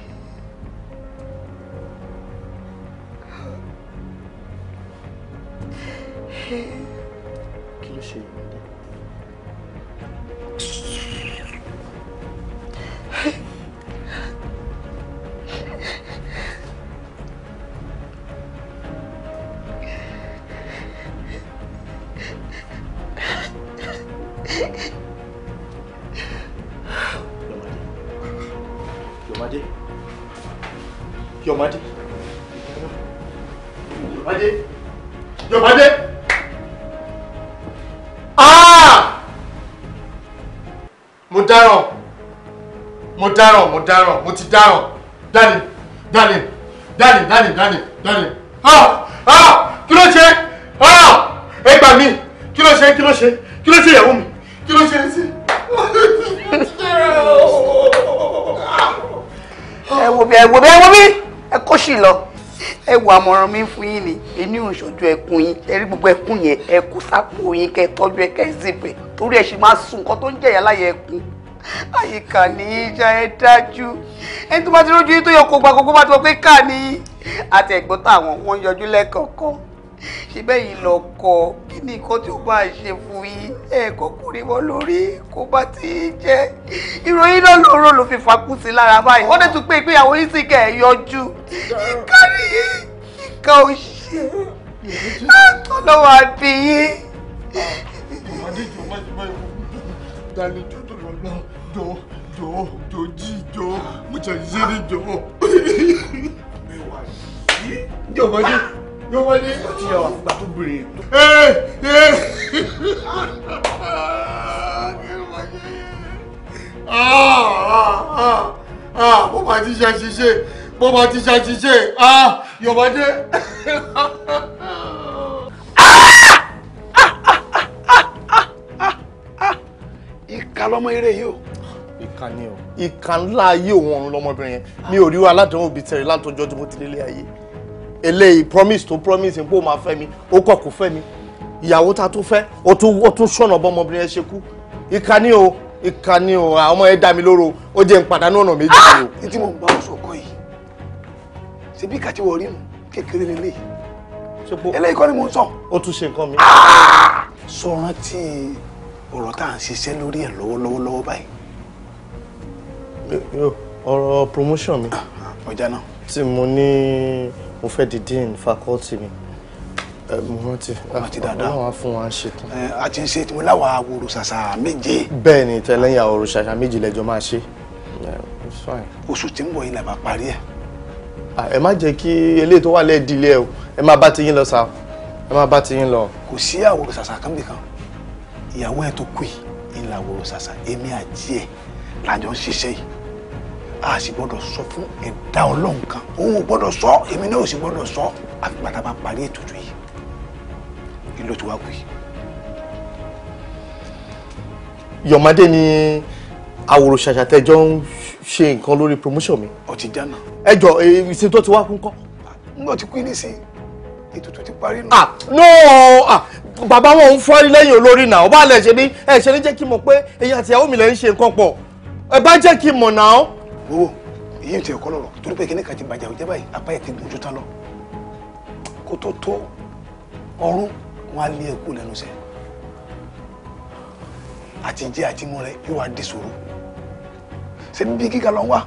kí ló ṣe ìrọ̀lẹ́? Yomade. mo dáràn mo dáràn mo ti dáràn dani dani dani dani dani dani ah ah kí ló ṣe ah ẹ gbà mí kí ló ṣe kí ló ṣe kí ló ṣe ìyàwó mi kí ló ṣe é sí. ẹ wo bí ẹ wo bí ẹ wo bí ẹ kó sì lọ ẹ wo àmọ̀ràn mi fún yín ni èmi ò ṣojú ẹkún yín ẹ rí gbogbo ẹkún yẹn ẹ kó sápò yín kẹ tọ́jú ẹ kẹ ẹ sì torí ẹ ṣì máa sun nǹkan tó ń jẹ̀yà láyé ẹkún àyíká ní ìjà ẹ dájú ẹni tó bá ti rójú to tó yọ kó gba kókó bá ti wọ pé ká ní àti ẹ̀gbọ́n táwọn wọ́n yọjú lẹ́kọ̀ọ̀kan ṣe bẹ́ẹ̀ yìí lọ kọ kí ni nǹkan tí ó bá ṣe fún yín ẹ̀ẹ́kọ́ kò rí wọ́n lórí kó bá ti jẹ́ ìròyìn náà lóró ló fi fakú sí lára báyìí wọ́n dẹ̀ tún pé ìgbéyàwó yìí sì kẹ́ ẹ̀ yọjú kárí ìka òṣì ọlọ́wọ́ àbí yín. ọmọdé jù mọ́jú mọ́jú dálẹ́jọ́ jọ jọ jọ jí jọ mo ṣe ṣe ní jọ. mẹ́wàá yìí. jọba ní jọba ní. ó ti yà wá fúgbà tó bìrì yẹn. ẹ ẹ. bó ah, bá ah, ah, ti ṣàṣìṣe bó bá ti ṣàṣìṣe yọba dé. ìka lọmọ eré yìí o ìkà ni o ìkà ńlá ayé òun ọ̀run lọmọbìnrin yẹn mi ò rí wa aládùn òbí tẹ̀rẹ̀ látọjọ́ tí mo ti délé ayé eléyìí promise to promise pé ó máa fẹ́ mi ó kọ̀ kó fẹ́ mi ìyàwó ta tó fẹ́ ó tún ó tún ṣọ̀nà bọ́mọbìnrin yẹn ṣe kú ìkà ni o ìkà ni o ọmọ yẹn dá mi lóró ó jẹ́ n pàdánù ọ̀nà méjì ni ah! o. títí mo ń bá ọsọ kọ yìí ṣebí ìkà tí wọ́n rí mu kékeré lélẹ̀ eléyìí kọ́ ni mo sọ. ó tún ọ̀rọ̀ tá à ń ṣiṣẹ́ lórí ẹ̀ lọ́wọ́lọ́wọ́ báyìí ọ̀rọ̀ promotion mi. Ah, ah, ọjà náà. tí mo ní mo fẹ́ di dean faculty mi mo rántí rántí dáadáa ọlọ́run á fún wa ṣe tán. a ti ń ṣe tí mo láwa àwòrò ṣàṣà méje. bẹ́ẹ̀ ni tẹ́lẹ̀yìn àwòrò ṣàṣà méje lẹ́jọ́ máa ṣe. oṣù tí ń bọ̀ yìí làbá parí ẹ̀. Ah, ẹ má jẹ́ kí eléyìí tó wà lẹ́ẹ̀dì ilé ẹ o ẹ má bá ti yín lọ sa ẹ má bá ti yín lọ. kò sí àwòrò ṣàṣà kan bìkan ìyàwó ẹ tó kù yìí ìlà àwòrò ṣàṣà èmi àti ẹ làjọ ń ṣiṣẹ́ yìí a sì gbọ́dọ̀ sọ fún ẹ̀dá ọlọ́run kan òun ò gbọ́dọ̀ sọ èmi náà ò sì gbọ́dọ̀ sọ àfipá tá a bá parí ètùtù yìí kí ló ti pè. Yọ̀mádé ni àwòrò ṣàṣà tẹjọ ń ṣe nǹkan lórí promotion mi. ọtí jana. ẹ jọ ìsìn tó ti wá kún kọ́. nígbà tí queen sí ètùtù ti parí ah, no ah, bàbá wọn ń fọ́rí lẹ́yìn olórí náà ọba àlẹ́ ṣe ní ẹ ṣe jẹ́ kí n mọ̀ pé èyí àti ìyàwó mi lè ṣe nǹkan pọ̀ ẹ bá jẹ́ kí n mọ̀ náà owó èyí ń tẹ ọkọ lọ́rọ̀ torí pé kíní kan ti bàjẹ́ òjẹ́ báyìí apá ẹ̀ ti gùn ju tán lọ kó tó tó ọrún wọn á lé ẹkú lẹ́nu sẹ àti jẹ àti mú rẹ yóò wá di sòrò ṣe níbi kíkà lọ wá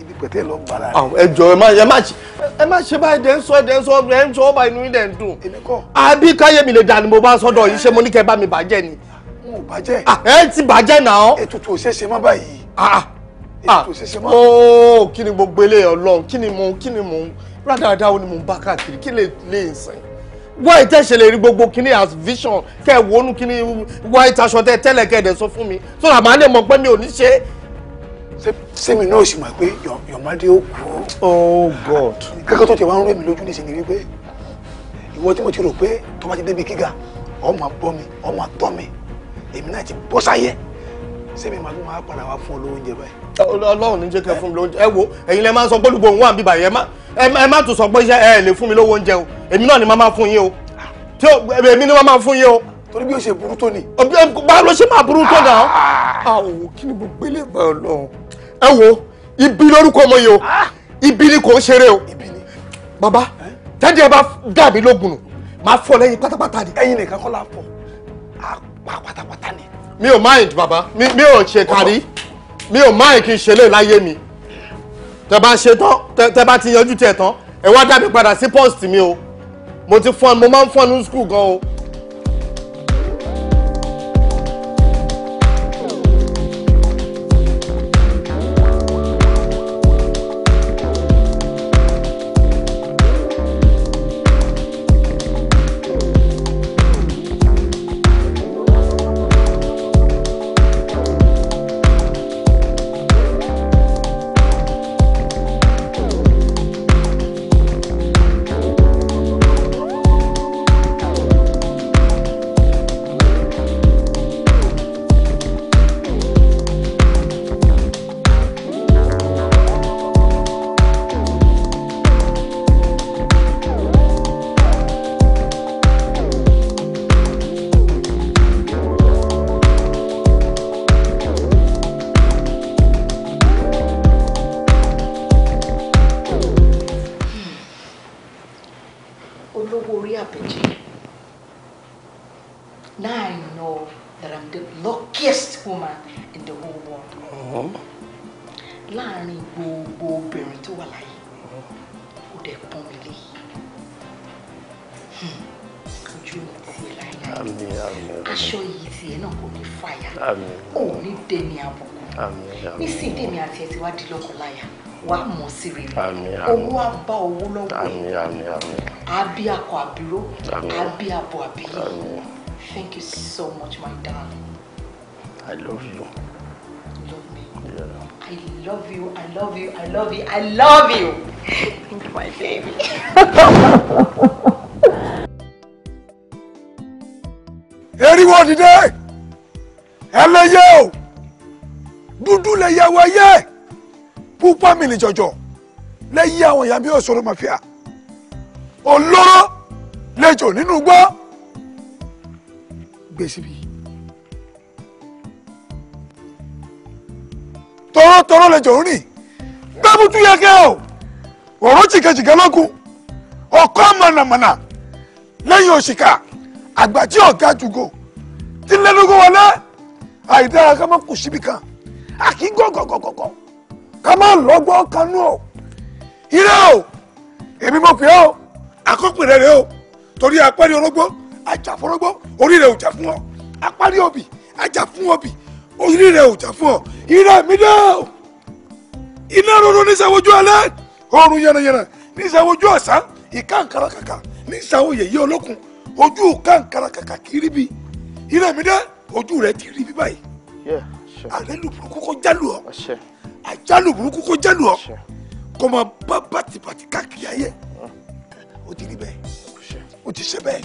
ibi pẹtẹ lọ bára rẹ. àwọn ẹjọ ẹ má ẹ má ẹ má ṣe báyìí dẹ́n sọ dẹ́n sọ ẹ ń sọ ọba inú dẹ̀ ń dùn. èmi kọ́. àbí káyémi lè dà ní mo bá sọ́dọ̀ yìí ṣé mo ní kẹ́ bá mi bàjẹ́ ni. n bàjẹ́. Ah, ẹ ti bàjẹ́ náà. ètùtù ò ṣeé ṣe mọ́ báyìí. Ah, ah. Ah, ètò ṣẹṣẹ máa. ooo oh, kí ni gbogbo eléyìí Ọlọ́run kí ni mo kí ni mo rádaràdà wo ni mo ń bá káàkiri kí lè lè sìn wọ́n ìtẹ̀sẹ̀ lè rí gbogbo kíní as vision kẹ́ ẹ̀ wọnú kíní wọ́n ìtaṣọ tẹ́ tẹ́lẹ̀ kẹ́ ẹ̀ dẹ̀ sọ fún mi so that màá lè mọ̀ pé mi ò ní ṣe. sẹ́mi náà sì mọ̀ pé yọ̀mádé ó kú. oh god. kẹ́kọ̀ọ́ tó ti wá ń rẹ́ mi lójú ni wípé ìwọ tí mo ti rò pé tó bá ti débi gíga ọmọ àbọ̀ mi ọmọ àtọ́ mi èmi náà ti bọ́ sáyé sẹ́mi màá tún máa padà wá fún ọ lóúnjẹ báyìí. ọlọ́run ní jẹ́ kẹ́ fún mi lóúnjẹ ẹ wo ẹ̀yin lẹ máa ń sọ pé olùgbò òun wà bíbà yẹn ẹ má tún sọ pé ẹ lè fún mi lówó oúnjẹ o èmi náà ni màá máa fún yín o tí èmi ni màá máa fún yín o. torí bí o ṣe burú tó ni. báwo ló ṣe máa burú tó náà. àwọn ah. ah, kí ni mo gbélé bá ọ lọ. ẹ wo ibi lórúkọ ọmọ yìí o ah. ibi ni kò ń ṣeré o. bàbá jáde ẹ bá dàbí lógun nù máa fọ lẹ́yìn pátápátá ni. ẹ̀yin nìkan kọ́ la fọ pátápátá ni mi ò mind Baba. mi ò ṣe kárí mi ò mind kí n ṣe lè láyé mi tẹ bá ṣe tán tẹ bá ti yanjú tiẹ̀ tán ẹ wá dá mi padà sí post mi o mo ti fọ́n mo máa ń fọ́n ní school gan o. olúwa bá owó lọ́wọ́ yìí akọ àbíró àbí abo àbíyí thank you so much my darling. I love you. Love me. Yeah. I love you. I love you. I love you. I love you. Thank you, my baby. Eriwo dìde! Ẹlẹ́yẹ o! Dúdú lẹ̀yẹ̀wò ẹyẹ! Pupa mi lè jọjọ lẹ́yìn àwọn èèyàn bí òṣòro mọ̀fíà olóró lejò nínú gbọ́ gbé síbi. tọ́rọ́tọ́rọ́ lejò ń rìn gbẹ́bùtú yẹ kẹ́ o ọ̀rọ̀ jìgẹ̀jìgẹ̀ lọ́gùn ọkọ̀ mọ̀nàmọ̀nà lẹ́yìn òṣìkà àgbà tí ọ̀gá jùgò tí lẹ́nugun wọlé àìdára ká má kù síbi kan àkíngọ̀gọ̀gọ̀gọ̀ ká má lọ́gbọ́ kanú o ire o èmi mo pè ọ́ àkọ́pẹ̀rẹ̀ rẹ o torí apárí orógbó àjàfọ́rógbó orí rẹ ò jà fún ọ apárí obì àjàfún obì orí rẹ ò jà fún ọ ire mi dé o iná roro ní sàwójú alẹ́ oorun yànnàyànnà ní sàwójú ọ̀sán ìka nkàrà kàkà ní sàwó yèyí olókun ojú ìka nkàrà kàkà kiri bi ire mi dé ojú rẹ ti rí bí báyìí àlẹ́ lù burúkú kó jálù ọ àjálù burúkú kó jálù ọ kó máa bá bàtìbàtì káàkiri ayé ó ti rí bẹ́ẹ̀ ó ti ṣe bẹ́ẹ̀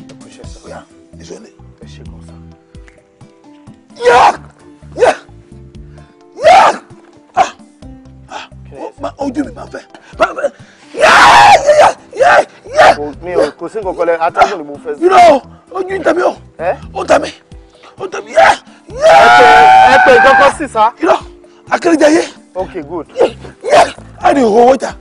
ó yá èso ni. yá yá yá ah! Ah! ojú mi máa fẹ́ máa fẹ́ yá yá yá yá. mi ò kò sí nǹkan kan lẹ́yìn ni mo fẹ́ sí. ojú ń tẹ̀mí o ó tẹ̀mí ó tẹ̀mí yá yá. ẹ pè é sí sá. yúrò akérèjẹ yé. ok good. Yeah a lè rówó jà.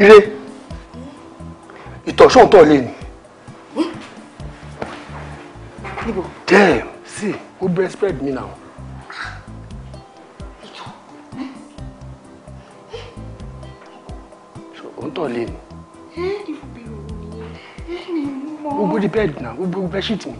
ire ìtọ̀ sóńtọ̀ lè ní. damn see who breastfed me now. òǹtọ̀ lè ní. gbogbo the bed now. gbogbo bed sheet mi.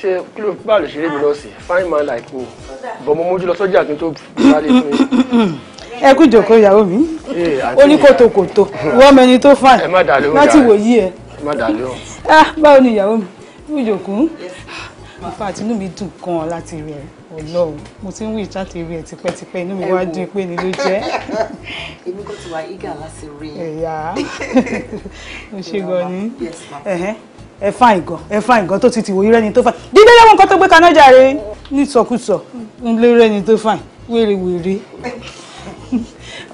ṣe kí ló bá lè ṣeré mi lọ sí fine man like me bọ̀ mo mójú lọ sọ́jà kí n tó gbálẹ̀ fún mi. ẹ kú ìjòkó ìyàwó mi ó eh, ní kòtòkòtò wọ́n mẹni tó fàn láti wòye ẹ. ẹ o. Ah, báwo ni ìyàwó mi kú ìjòkó ìfà àtinú mi dùn gan láti rí ẹ Ọlọ́run mo ti ń wí ìjáde rí ẹ tipẹ́tipẹ́ inú mi wá dùn pé ni ló jẹ́. èmi kò ti wá eager láti rí ẹ. ẹ̀yà ó ṣe gan ni ẹ fáìn gan ẹ fáìn gan tó ti tìwò irẹ́ ni tó fáìn dídé lẹ́wọ̀n nǹkan tó gbé kaná jàre ní ìsọkúsọ ń lé irẹ́ ni tó fáìn wérewère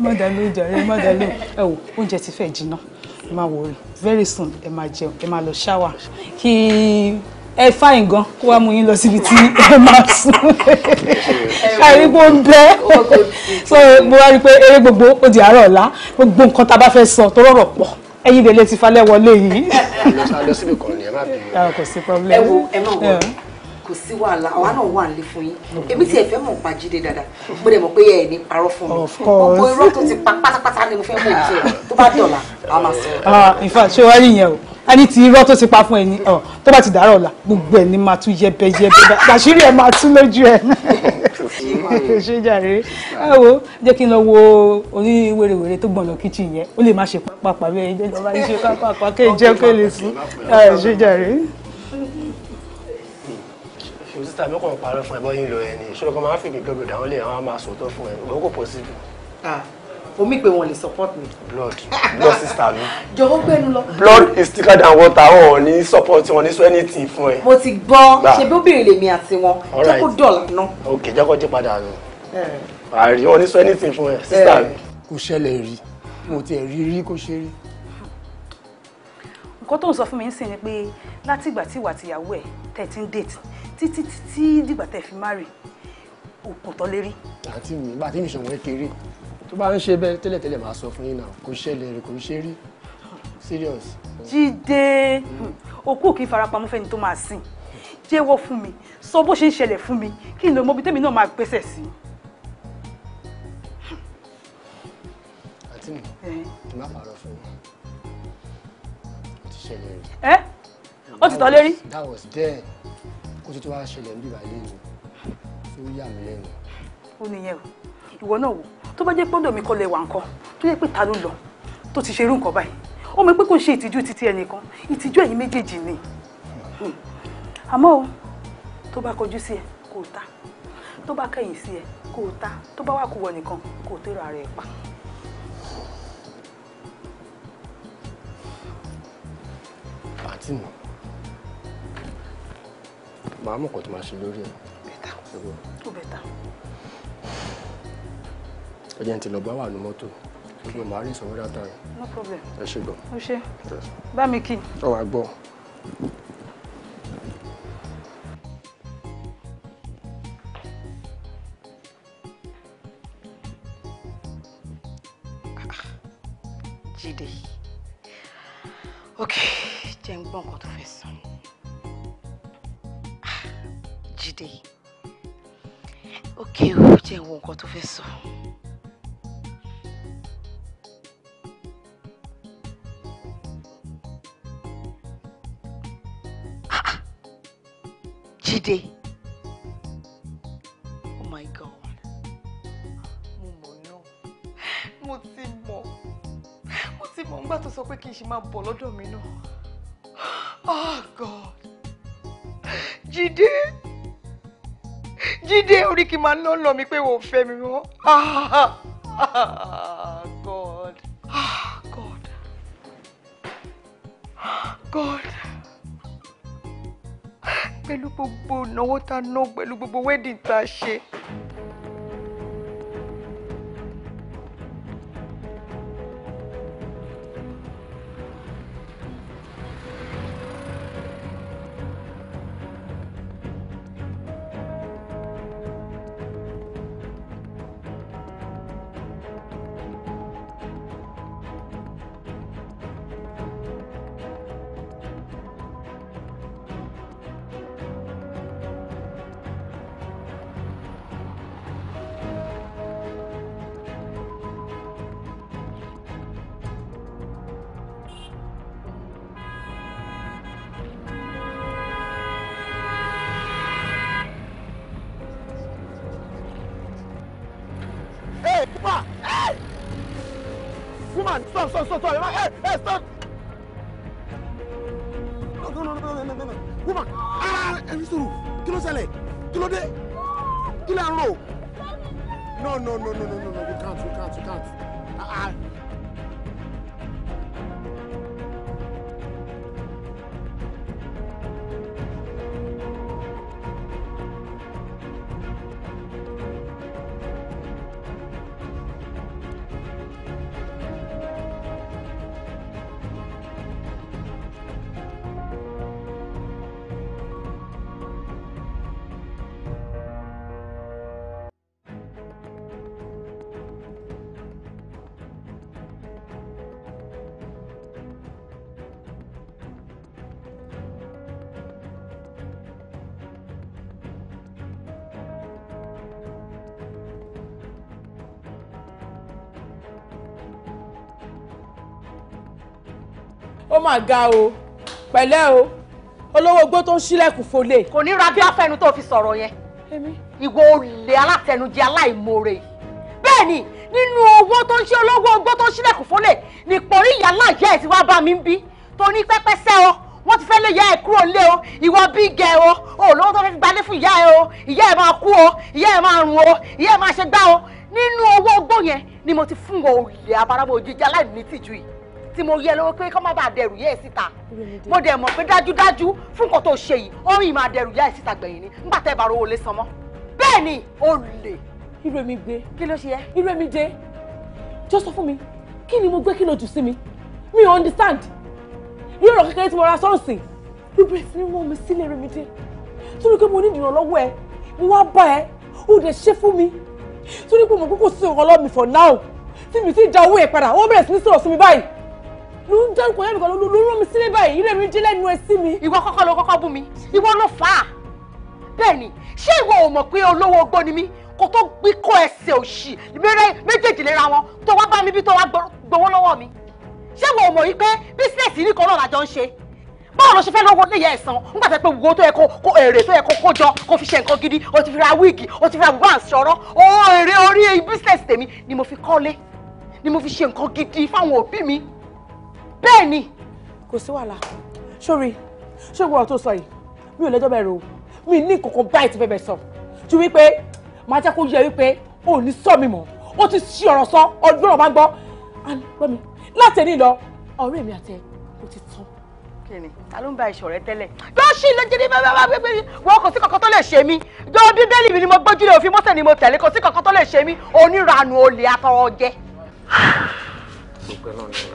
mọ́dàlú jàre mọ́dàlú ẹ wò oúnjẹ ti fẹ́ jiná ẹ máa wò rè very soon ẹ máa jẹun ẹ máa lọ ṣáwà kí ẹ fáìn gan kó wá mú yín lọ síbi tí ẹ máa sùn àìrígbó ń bẹ so mo wá rí i pé eré gbogbo ó di àárọ̀ ọ̀la gbogbo nǹkan tá a bá fẹ́ sọ tó rọ̀rọ̀ pọ̀ ẹ̀yin dẹ̀ lè ti falẹ̀ wọlé yìí. lọ síbi kan ni ẹ má bínú. Ah, kò sí problem. ẹ wo ẹ má wọ kò sí wàhálà àwa náà wà nílé fún yín èmi tí ẹ fẹ́ mọ̀ pa jíde dáadáa mo dẹ̀ mọ̀ pé ẹ ní parọ́ fún mi gbogbo irọ́ tó ti pa pátápátá ni mo fẹ́ mọ̀ ìṣe tó bá dọ̀la a máa sọ. Ah, in fact ṣé wàá rí o a ní ti irọ́ tó ti pa fún ẹ ní oh, tó bá ti dàárọ̀ ọ̀la gbogbo ẹ̀ ní máa tún yẹbẹyẹbẹ àṣírí ẹ̀ máa tún lójú ẹ̀. ṣé jàre ẹ wo jẹ́ kí n lọ wo oníwèrèwèrè tó gbọ̀n lọ kíchìn yẹn ó lè má ṣe pápá bẹ́ẹ̀ jẹ́ lọ́ba ṣe pápá kéèjé kó lè sùn ṣé jàre ṣe sísá mi kàn parọ́ fún ẹ bọ́ yín lọ ẹni ìṣòro kan máa ń fi mí gbọ́dọ̀ dáhùn lé àwọn máa sòótọ́ fún ẹ òun kò pọ̀ síbi. Ah omi pé wọn lè support me. blood blood sister mi. jọ̀wọ́ gbẹ́nu lọ. blood is thicker than water wọn ò support wọn ní sọ anything fún ẹ. mo ti gbọ́ ṣebí obìnrin lèmi àti wọn jẹ́ kó dọ̀là náà. ok jẹ́ kó jí padà nù. àrí wọn ní sọ anything fún ẹ sister mi. kò ṣẹlẹ̀ rí mo tiẹ̀ rí rí kó ṣe rí. nǹkan tó ń sọ fún mi ń sìn ni pé látìgbà tí ìwà àtìyàwó ẹ̀ thirteen date títí títí dìgbà tẹ̀ fi marry òkùn tán lérí. àti mi bá ti mi ṣòwò kékeré tó bá ń ṣe bẹ́ẹ̀ tẹ́lẹ̀tẹ́lẹ̀ máa sọ fún yín kò ṣẹlẹ̀ rẹ̀ kò ṣe rí serious. jíde òkú kì í farapamọ́ fẹ́ni tó máa sìn jẹ́wọ́ fún mi sọ bó ṣe ń ṣẹlẹ̀ fún mi kí n lè mọ ibi tẹ́mi náà máa gbẹ́sẹ̀ sí. àti mi má pààrọ̀ fún mi ó ti ṣẹlẹ̀ rí. ẹ ó ti tán lérí. that was there kó tó tó wá ṣẹlẹ̀ ń bíbá ilé mi yà mí lẹ́nu. ó nìyẹn o ìwọ náà wò tó bá jẹ́ pọ́ndọ̀ mi kọlẹ̀ wà nǹkan tó yẹ pé ta ló lọ tó ti ṣe irú nǹkan báyìí ó mọ̀ pé kò ṣe ìtìjú títí ẹnìkan ìtìjú ẹ̀yin méjèèjì ni hmm. àmọ́ o tó bá kọjú sí ẹ kò ta tó bá kẹ̀yìn sí ẹ kò ta tó bá wà kú wọ nìkan kò tẹ̀rọ ara ẹ pa. àǹtí mi màá mọ̀ kọ́ tó máa ṣe lórí ẹ̀. bẹ́tà ó bẹ́tà ẹ jẹ́ n ti lọ bá wà ní mọ́tò gbogbo màá rí ìsọ̀rọ̀ dáadáa. no problem. ẹ ṣe gbọ́. o ṣe bá mi kí. ọ wá gbọ́. máa bọ̀ domino. Oh ah, God! Jide. Jide, orí kí n máa lọ́ lọ mi pé wò ó fẹ́ mi mọ́. Ah, God! Ah, God! God! Pẹ̀lú gbogbo ìnáwó tá a ná pẹ̀lú gbogbo wedding tá ṣe. ó mà ga o pẹ̀lẹ́ o olówó gbó tó ń ṣílẹ̀kùn fọlé. kò ní ra bí afẹnu tó fi sọ̀rọ̀ yẹn ìwọ olè alátẹnujẹ aláìmoore bẹ́ẹ̀ ni nínú owó tó ń ṣe olówó gbó tó ń ṣílẹ̀kùn fọlé ní pọ̀rí ìyá aláìyá ẹ̀ tí wàá bá mi ń bí tó ní pẹ́pẹ́ sẹ́ o wọ́n ti fẹ́ lé ìyá ẹ̀ kúrò lé o ìwọ bí gẹ̀ o olówó tó fẹ́ fi gbalé fún ìyá ẹ̀ o ìyá ẹ̀ máa kú o ìyá ẹ̀ máa rùn o ìyá ẹ̀ máa ṣe gbá o nínú owó gbó yẹn ni mo ti fún olè abarawo jíjẹ aláìní tìjú yìí tí mo rí ẹ lọ́wọ́ pé kó má bàa dẹrù yẹ́ ẹ síta mo dẹ̀ mọ̀ pé dájúdájú fún nǹkan tó ṣe yìí ó rìn máa dẹrù yẹ́ ẹ síta gbẹ̀yìn ni nígbà tẹ́ ẹ bá rówó lé san mọ́ bẹ́ẹ̀ ni o lè. irú èmi gbé kí ló ṣe ẹ. irú èmi dé jọ sọ fún mi kí ni mo gbé kí ló jù sí mi mi ò understand ní ọ̀rọ̀ kékeré tí mo ra sọ́ọ̀sì ló bẹ̀rẹ̀ sí ní wọ́n mi sílẹ̀ rẹ̀ mi dé torí pé mo ní ìdìrànlọ́wọ́ ẹ mo wá bá ẹ ó dẹ̀ ṣe fún mi torí pé mo kúkú sí ọ̀rọ̀ for now tí mi ti da owó yẹn padà ó bẹ̀rẹ̀ sí ní sọ̀rọ̀ sí mi báyìí ló ń dárúkọ yá mi kan ló rán mi sílé báyìí ilé mi jí lẹ́nu ẹ sí mi. ìwọ kọ́kọ́ ló kọ́kọ́ bú mi ìwọ ló fà á bẹ́ẹ̀ ni ṣé ìwọ ò mọ̀ pé olówó ogbó ni mí kó tó gbí kó ẹsẹ̀ òṣì méjèèjì lera wọn tó wá bá mi bí tó wá gbowó lọ́wọ́ mi ṣé ìwọ ò mọ̀ yí pé bísíǹsì nìkan náà làjọ ń ṣe báwo ló ṣe fẹ́ lọ́wọ́ léyà ẹ̀sán nígbà tó yẹ pé wo tó yẹ kó èrè tó yẹ kó kó jọ kó fi ṣe nǹkan gidi o ti fi ra wíìgì o ti fi ra bùbá àṣọrọ́ o èrè orí bísíǹsì tèmi ni mo fi kọ́lé ni mo fi ṣe nǹkan gidi fáwọn òbí mi bẹ́ẹ̀ ni kò sí wàhálà sórí ṣógun ọ̀rọ̀ tó sọ yìí mi ò lẹ́jọ́ bẹ̀rù o mi ní kòkó báyìí ti bẹ̀bẹ̀ sọ ju wípé màá jẹ́ kó yẹ wípé o ò ní sọ mi mọ́ o ti ṣí ọ̀rọ̀ sọ ọdún ọ̀rọ̀ máa ń gbọ́ and gbẹ́mi láti ẹni lọ ọ̀rẹ́ mi àti ẹ o ti tán. kí ni ta ló ń ba ìṣòro rẹ tẹ́lẹ̀. jọ́sí ló jẹ́ ní bábá gbégbé wọn kò sí kankan tó lè ṣe mí jọ bíbélì mi ni mo gbójúlé òfin mọ́sẹ̀ ni mo tẹ̀lé kò sí kankan tó lè ṣe mí onírànù olè atọ́wọ́ jẹ́. gbogbo ẹ náà ni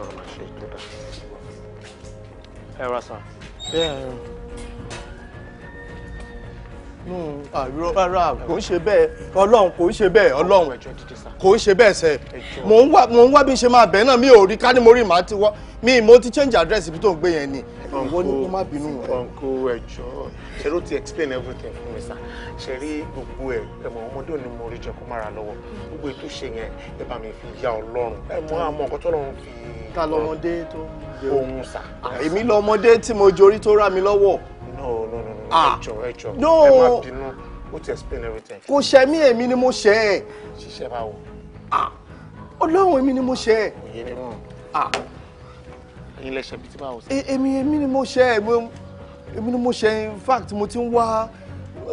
ọlọ́run ẹ ra sàn. àìrọ rárá kò ń ṣe bẹ́ẹ̀ ọlọ́run kò ń ṣe bẹ́ẹ̀ ọlọ́run kò ń ṣe bẹ́ẹ̀ sẹ́ mò ń wá mò ń wá bí n ṣe máa bẹ̀ náà mi ò rí ká ní mo rí màá ti wá mi mo ti change address ibi tó ń gbé yẹn ni. ọ̀nkú ọ̀nkú ẹ̀jọ̀ ṣe ló ti explain everything fún mi sá ṣe rí gbogbo ẹ ẹmọ ọmọdé ò ní mo rí jẹ kó má ra lọ́wọ́ gbogbo ètò ṣe yẹn ẹ bá mi fi ya Ọlọ́run ẹ mọ àmọ ọkọ tọlọ́run fi. ta lọmọdé tó ń gbé ohun sá. Ah, èmi lọmọdé tí mo jorí tó rà mí lọ́wọ́. no no no ah, ẹ jọ ẹ jọ bínú ó ti explain everything. kò ṣe mí èmi ni mo ṣe ẹ. ṣiṣẹ́ báwo. Ah, ọlọ́run èmi ni mo ṣe ẹ. òye ni wọn. ẹ̀yin lẹ ṣe bí tí báwo. E, èmi èmi ni mo ṣe ẹ èmi ni mo ṣe in fact mo ti ń wá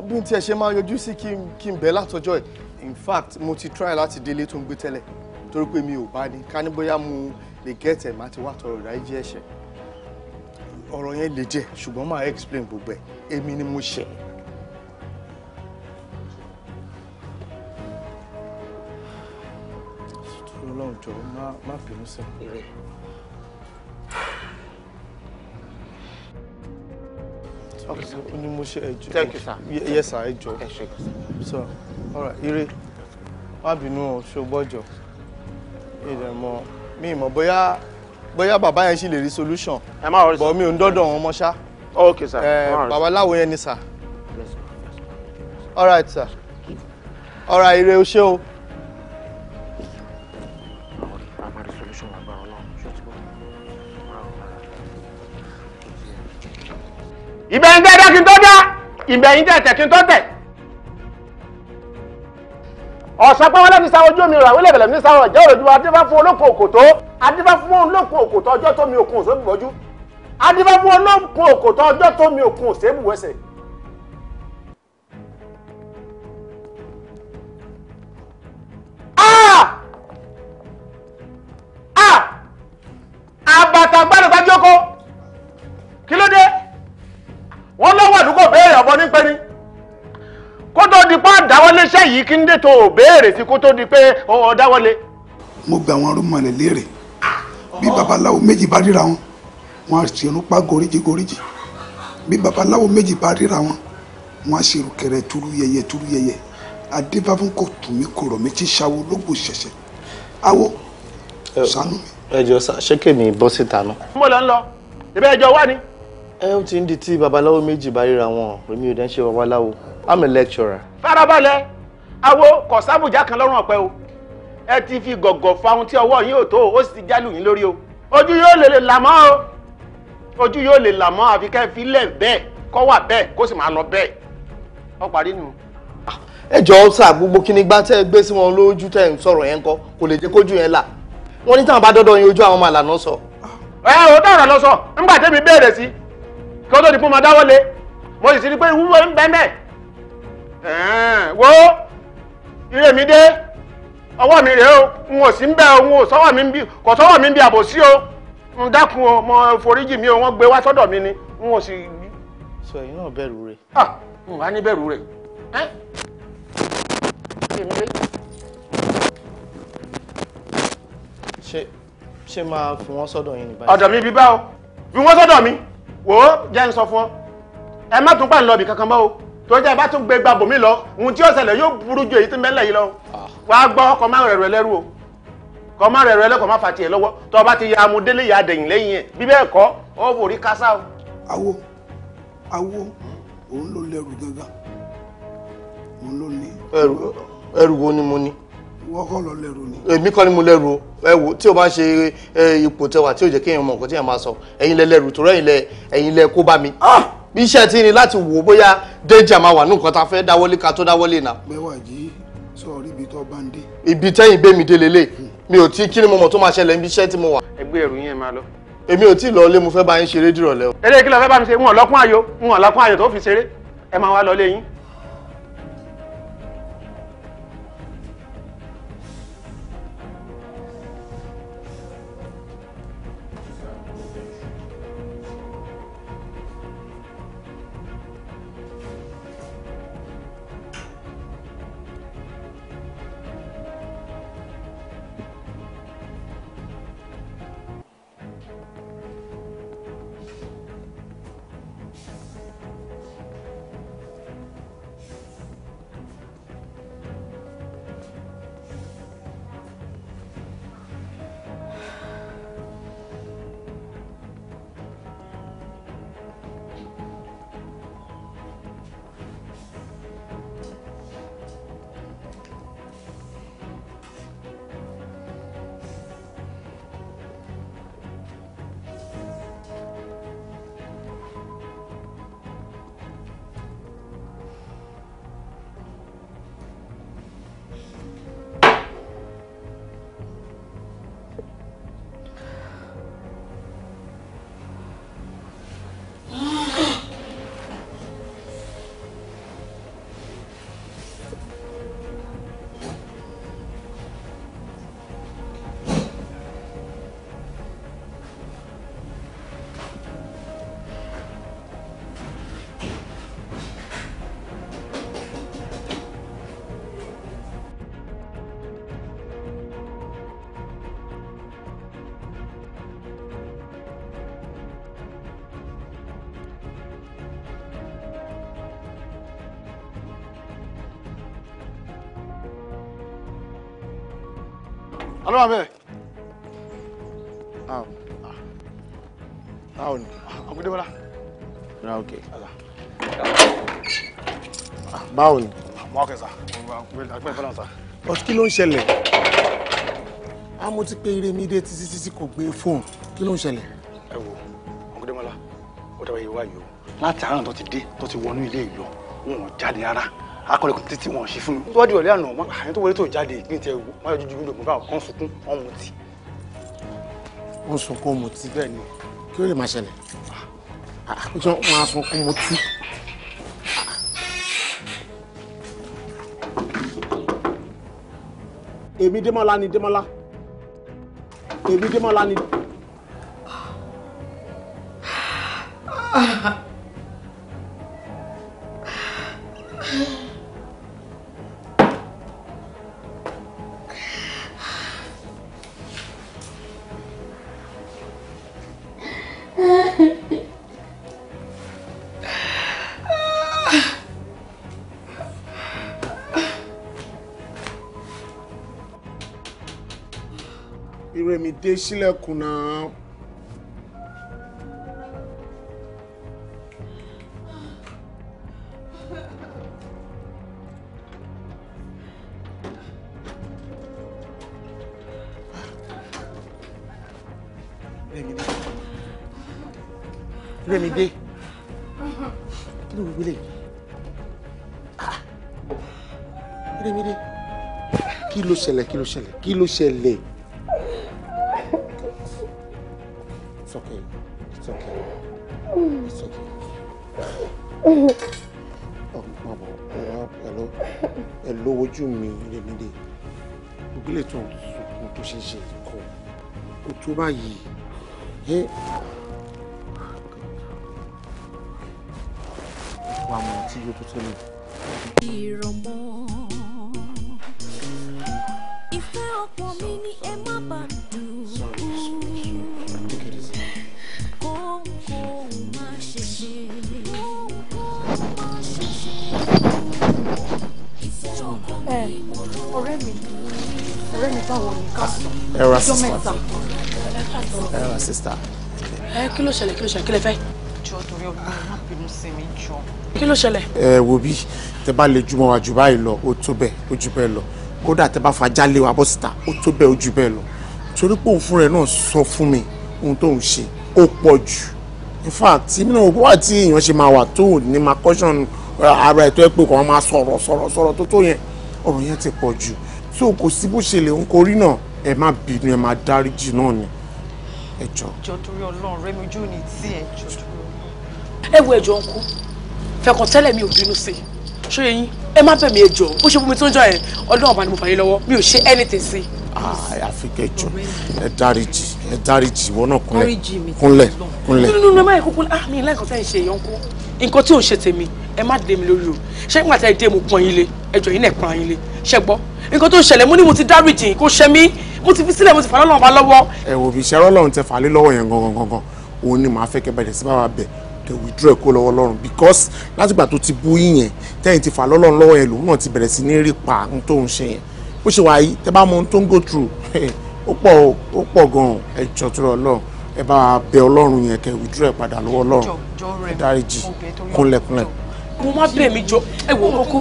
bí n tiẹ̀ ṣe máa yọjú sí kí n bẹ̀ látọjọ́ ẹ̀ in fact mo ti try láti délé tó ń gbé tẹ́lẹ̀ torí pé mi ò bá ní ká ní bóyá mo lè gẹ́tẹ̀ má ti wá tọrọ ìdáríjì ẹ̀ṣẹ̀ ọ̀rọ̀ yẹn lè jẹ́ ṣùgbọ́n máa explain gbogbo ẹ̀ èmi ni mo ṣe. ọlọ́run jọ̀ọ́ má bínú sí thank you sir yes sir Thank you. ṣe so all right ire má bínú ṣogbọ́jọ ìdẹ̀mọ̀ mi mọ̀ bóyá bóyá bàbá yẹn ṣì lè rí solution ẹ má wọrí sir bọ̀ mi ò ń dọ́dọ̀ wọn mọ́ ṣá ok sir eh, ẹ bàbá láwo yẹn ni sir all right sir all right Iri, o ṣé o. ibẹ̀ ń gbé ìgbẹ̀yìn tẹ̀ tẹ̀ kí n tó tẹ̀ ọ̀sán pé wọ́n lẹ́nu sáwọ́ ojú omi rà lẹ́bẹ̀lẹ̀ mi sáwọ́ ọ̀jẹ́ òròjú adífá fún olókun òkòtó adífá fún olókun òkòtó ọjọ́ tó mi òkun òsè bùbọ́jú adífá fún olókun òkòtó ọjọ́ tó òkun òsè yìí kí ń dé tó o béèrè sí kó tó di pé o dáwọ́lé. mo gba àwọn arúmọlẹ̀ léèrè bí babaláwo méjì bá ríra wọn wọn á ṣe irun pa goríjì goríjì bí babaláwo méjì bá ríra wọn wọn á ṣe ìrùkẹ̀rẹ̀ túrú yẹyẹ túrú yẹyẹ adébáfún kò tù mí kò rọ̀ mí tí ṣàwo lóògùn ṣẹ̀ṣẹ̀ awo sànú mi. ẹ jọ ṣé kèmí bọ́ síta náà. mo lọ ń lọ ìbẹ́ ẹjọ́ wà ní ẹ ń ti ń di tí babaláwo méjì bá ríra wọn èmi ò dẹ́ ń ṣe babaláwo i'm a lecturer. farabalẹ̀ awo kò kan lọ́rùn ọpẹ o ẹ ti fi gọgọ fa tí ọwọ yín ò tó ó sì ti jálù yín lórí o ojú yóò lè là o ojú yóò lè là mọ́ àfi kẹ́ fi lẹ̀ wa wà si kó sì máa lọ bẹ́ẹ̀ ọ parí nu. ẹ sá gbogbo kíní gbá gbé sí wọn lójú tẹ́ ń yẹn kò lè jẹ kójú yẹn là ní táwọn bá dọdọ yín ojú àwọn sọ. ẹ ò lọ sọ tẹ́mi bẹ̀rẹ̀ sí kí tó di fún ọmọ dáwọ́lé mo sì ti pé ìwúwo ń bẹ́ẹ̀ mẹ́ ire mi dé ọwọ́ mi rèé o n ò sí ń bẹ́ o n ò sọ́wọ́ mi ń bí kò sọ́wọ́ mi ń bí àbòsí o n dákun o mo foríjì mi o wọ́n gbé wá sọ́dọ̀ mi ni n ò sì. sọ èyí náà bẹ̀rù rẹ̀. ah n wá ní bẹ̀rù rẹ̀ ẹ́ èmi rẹ̀. ṣé ṣé máa fi wọ́n sọ́dọ̀ yín ní báyìí. ọ̀dọ̀ mi bí o fi wọ́n sọ́dọ̀ mi wò ó jẹ́ n sọ fún ọ ẹ má tún pàǹlọ́ọ̀bì kankan mọ́ o tó jẹ́ bá tún gbé gba bòmí lọ ohun tí ó ṣẹlẹ̀ yóò burú ju èyí tí mẹ́lẹ̀ yìí lọ ah. wà gbọ́ kọ́ máa rẹ̀rẹ̀ lẹ́rú o kọ́ máa rẹ̀rẹ̀ lẹ́kọ̀ọ́ máa fàtì lọ́wọ́ tó o bá ti ya amúdélé ya dẹ̀yìn lẹ́yìn ẹ̀ bí bẹ́ẹ̀ kọ́ ó wò rí kásá o. awo awo òun ló lẹ́rù gangan òun ló ní. ẹrù ẹrù wo ni mo ní. wọ́n kọ́ lọ lẹ́rù ni. èmi kọ́ ni mo lẹ́rù o ẹ wo tí o bá ń ṣe ipò tẹwà tí ò jẹ́ kéèyàn mọ̀ nǹkan tí èèyàn máa sọ ẹ̀yin lẹ lẹ́rù tó rẹ́yìn ẹ̀yin lẹ kó bá mi. ah bí iṣẹ́ ti ní láti wò bóyá danger máa wà ní nǹkan tá fẹ́ dáwọ́lé ká tó dáwọ́lé náà. mẹ́wàá yìí sọ̀rọ̀ ibi tó bá ń dé. ibi tẹ́yìn gbé dé lélẹ̀ mi ò tí kí ni mo mọ̀ tó máa ṣẹlẹ̀ níbi iṣẹ́ tí mo wà. ẹgbẹ́ ẹ̀rù yẹn máa lọ. èmi ò tí ì lọ ilé mo fẹ́ bá yín ṣeré dìrọ̀lẹ́ o. eré kí ló fẹ́ bá mi ṣe wọn lọ́kún ayò wọn lọ́kún ayò tó fi ṣeré ẹ máa wá lọ lé Ah, ah, báwo ni àgùdébọ́lá. ra òkè. báwo ni. àmọ́ ọkẹ́ sá àgbẹ̀ fẹ́ràn sá. ọtí kí ló ń ṣẹlẹ̀ a ah, mo ti pe iremi dé títí títí kò gbé fóònù kí ló ń ṣẹlẹ̀. ẹ wo o ó dábàá yìí wáyé o láti àárọ̀ tó ti dé tó ti wọnú ilé ìlọ wọn ò jáde rárá akọlẹ̀kùn títí wọn ṣe fún mi. tó wá di ìrọ̀lẹ́ àná wọn àyẹ̀tò wọlé tó jáde ìpín tẹ wò wọn yọ jújú nílò mọ́fà kan sunkún wọn mu ti. ó ń sunkún mu ti bẹ́ẹ̀ ni kí ló lè máa ṣẹlẹ̀ wọn á sunkún mu ti. èmi Démọ́lá ni Démọ́lá èmi Démọ́lá ni. Ah. dìde sílẹ̀kùn náà. Rẹ̀mídé kí ló wíwílẹ̀ ah. Rẹ̀mídé kí ló ṣẹlẹ̀ kí ló ṣẹlẹ̀ kí ló ṣẹlẹ̀. tó báyìí ẹ wà mọ tí yóò tó tẹ́lẹ̀. ìrọ̀mọ́ ìfẹ́ ọkọ mi ni ẹ má bà dùn ọ̀rẹ́ mi ọ̀rẹ́ mi báwo ni ká sọ ẹjọ́ mẹ́ta sister. ẹ eh, kí ló ṣẹlẹ̀ kí ló ṣẹlẹ̀ kí lẹ fẹ́. jọ torí ọgbọ́n má bínú sí mi jọ. kí ló ṣẹlẹ̀. ẹ wo bí tẹ bá lè jùmọ̀ wá jù báyìí lọ ó tó bẹ́ẹ̀ ó jù bẹ́ẹ̀ lọ kódà tẹ bá fa jálé wa bọ́ síta ó tó bẹ́ẹ̀ ó jù bẹ́ẹ̀ lọ torí pé òun fúnra ẹ náà sọ fún mi ohun tó ń ṣe ó pọ̀ jù in fact mi náà wá tí èèyàn ṣe máa wà tó ní máa caution eh, ara ètò ẹ̀pẹ́ kan máa sọ̀rọ̀ sọ̀rọ̀ sọ̀rọ̀ tó tó yẹn ọ̀rọ̀ yẹn ti pọ̀ jù so kò sí bó ṣe lè ń korí náà ẹ má bínú ẹ má dáríjì náà ni ẹ jọ. ìjọ torí Ọlọ́run rẹ mi ojú ò ní tí ẹ jọ torí Ọlọ́run. ẹ wo ẹjọ ń kú fẹkàn tẹ́lẹ̀ mi ò bínú sí i ṣó yẹ yín ẹ má bẹ̀ mí ẹjọ bó ṣe fún mi tó ń jọ yẹn Ọlọ́run bá ní mo fà yín mi ò ṣe anything sí i. àfi kẹjọ ẹ dáríjì ẹ dáríjì ìwọ náà kúnlẹ̀ kúnlẹ̀ kúnlẹ̀. nínú nínú ẹ má yẹ kúkú ah mi ìlànà tẹ́ ń ṣe èèyàn kú nǹkan tí ò ń ṣe tèmi ẹ má dé mi lórí o ṣé nígbà tí ẹ dé mo pọn yín lé ẹjọ yín náà pọn yín lé ṣẹ gbọ́ nǹkan tó ń ṣẹlẹ̀ mo ní mo ti dáríjì kó ṣẹ mí mo ti fi sílẹ̀ mo ti fà lọ́lọ́run lọ́wọ́. ẹ wò bí ìṣẹ́rọ́ lọ́run tẹ fà lọ́wọ́ yẹn gangan gangan òun ni màá fẹ́ kẹ́ bẹ̀rẹ̀ sí bàbá bẹ̀ tẹ withdraw ẹ̀ lọ́wọ́ lọ́run because látìgbà tó ti bú yín tẹ́yìn ti fà lọ́lọ́run lọ́wọ́ yẹn lòun náà ti bẹ̀rẹ̀ sí ní rí pa ohun tó ń ṣe yẹn bó ṣe wà yìí tẹ bá mọ ohun tó ń go through mo má bẹ̀ mí jọ ẹ wọ ọkọ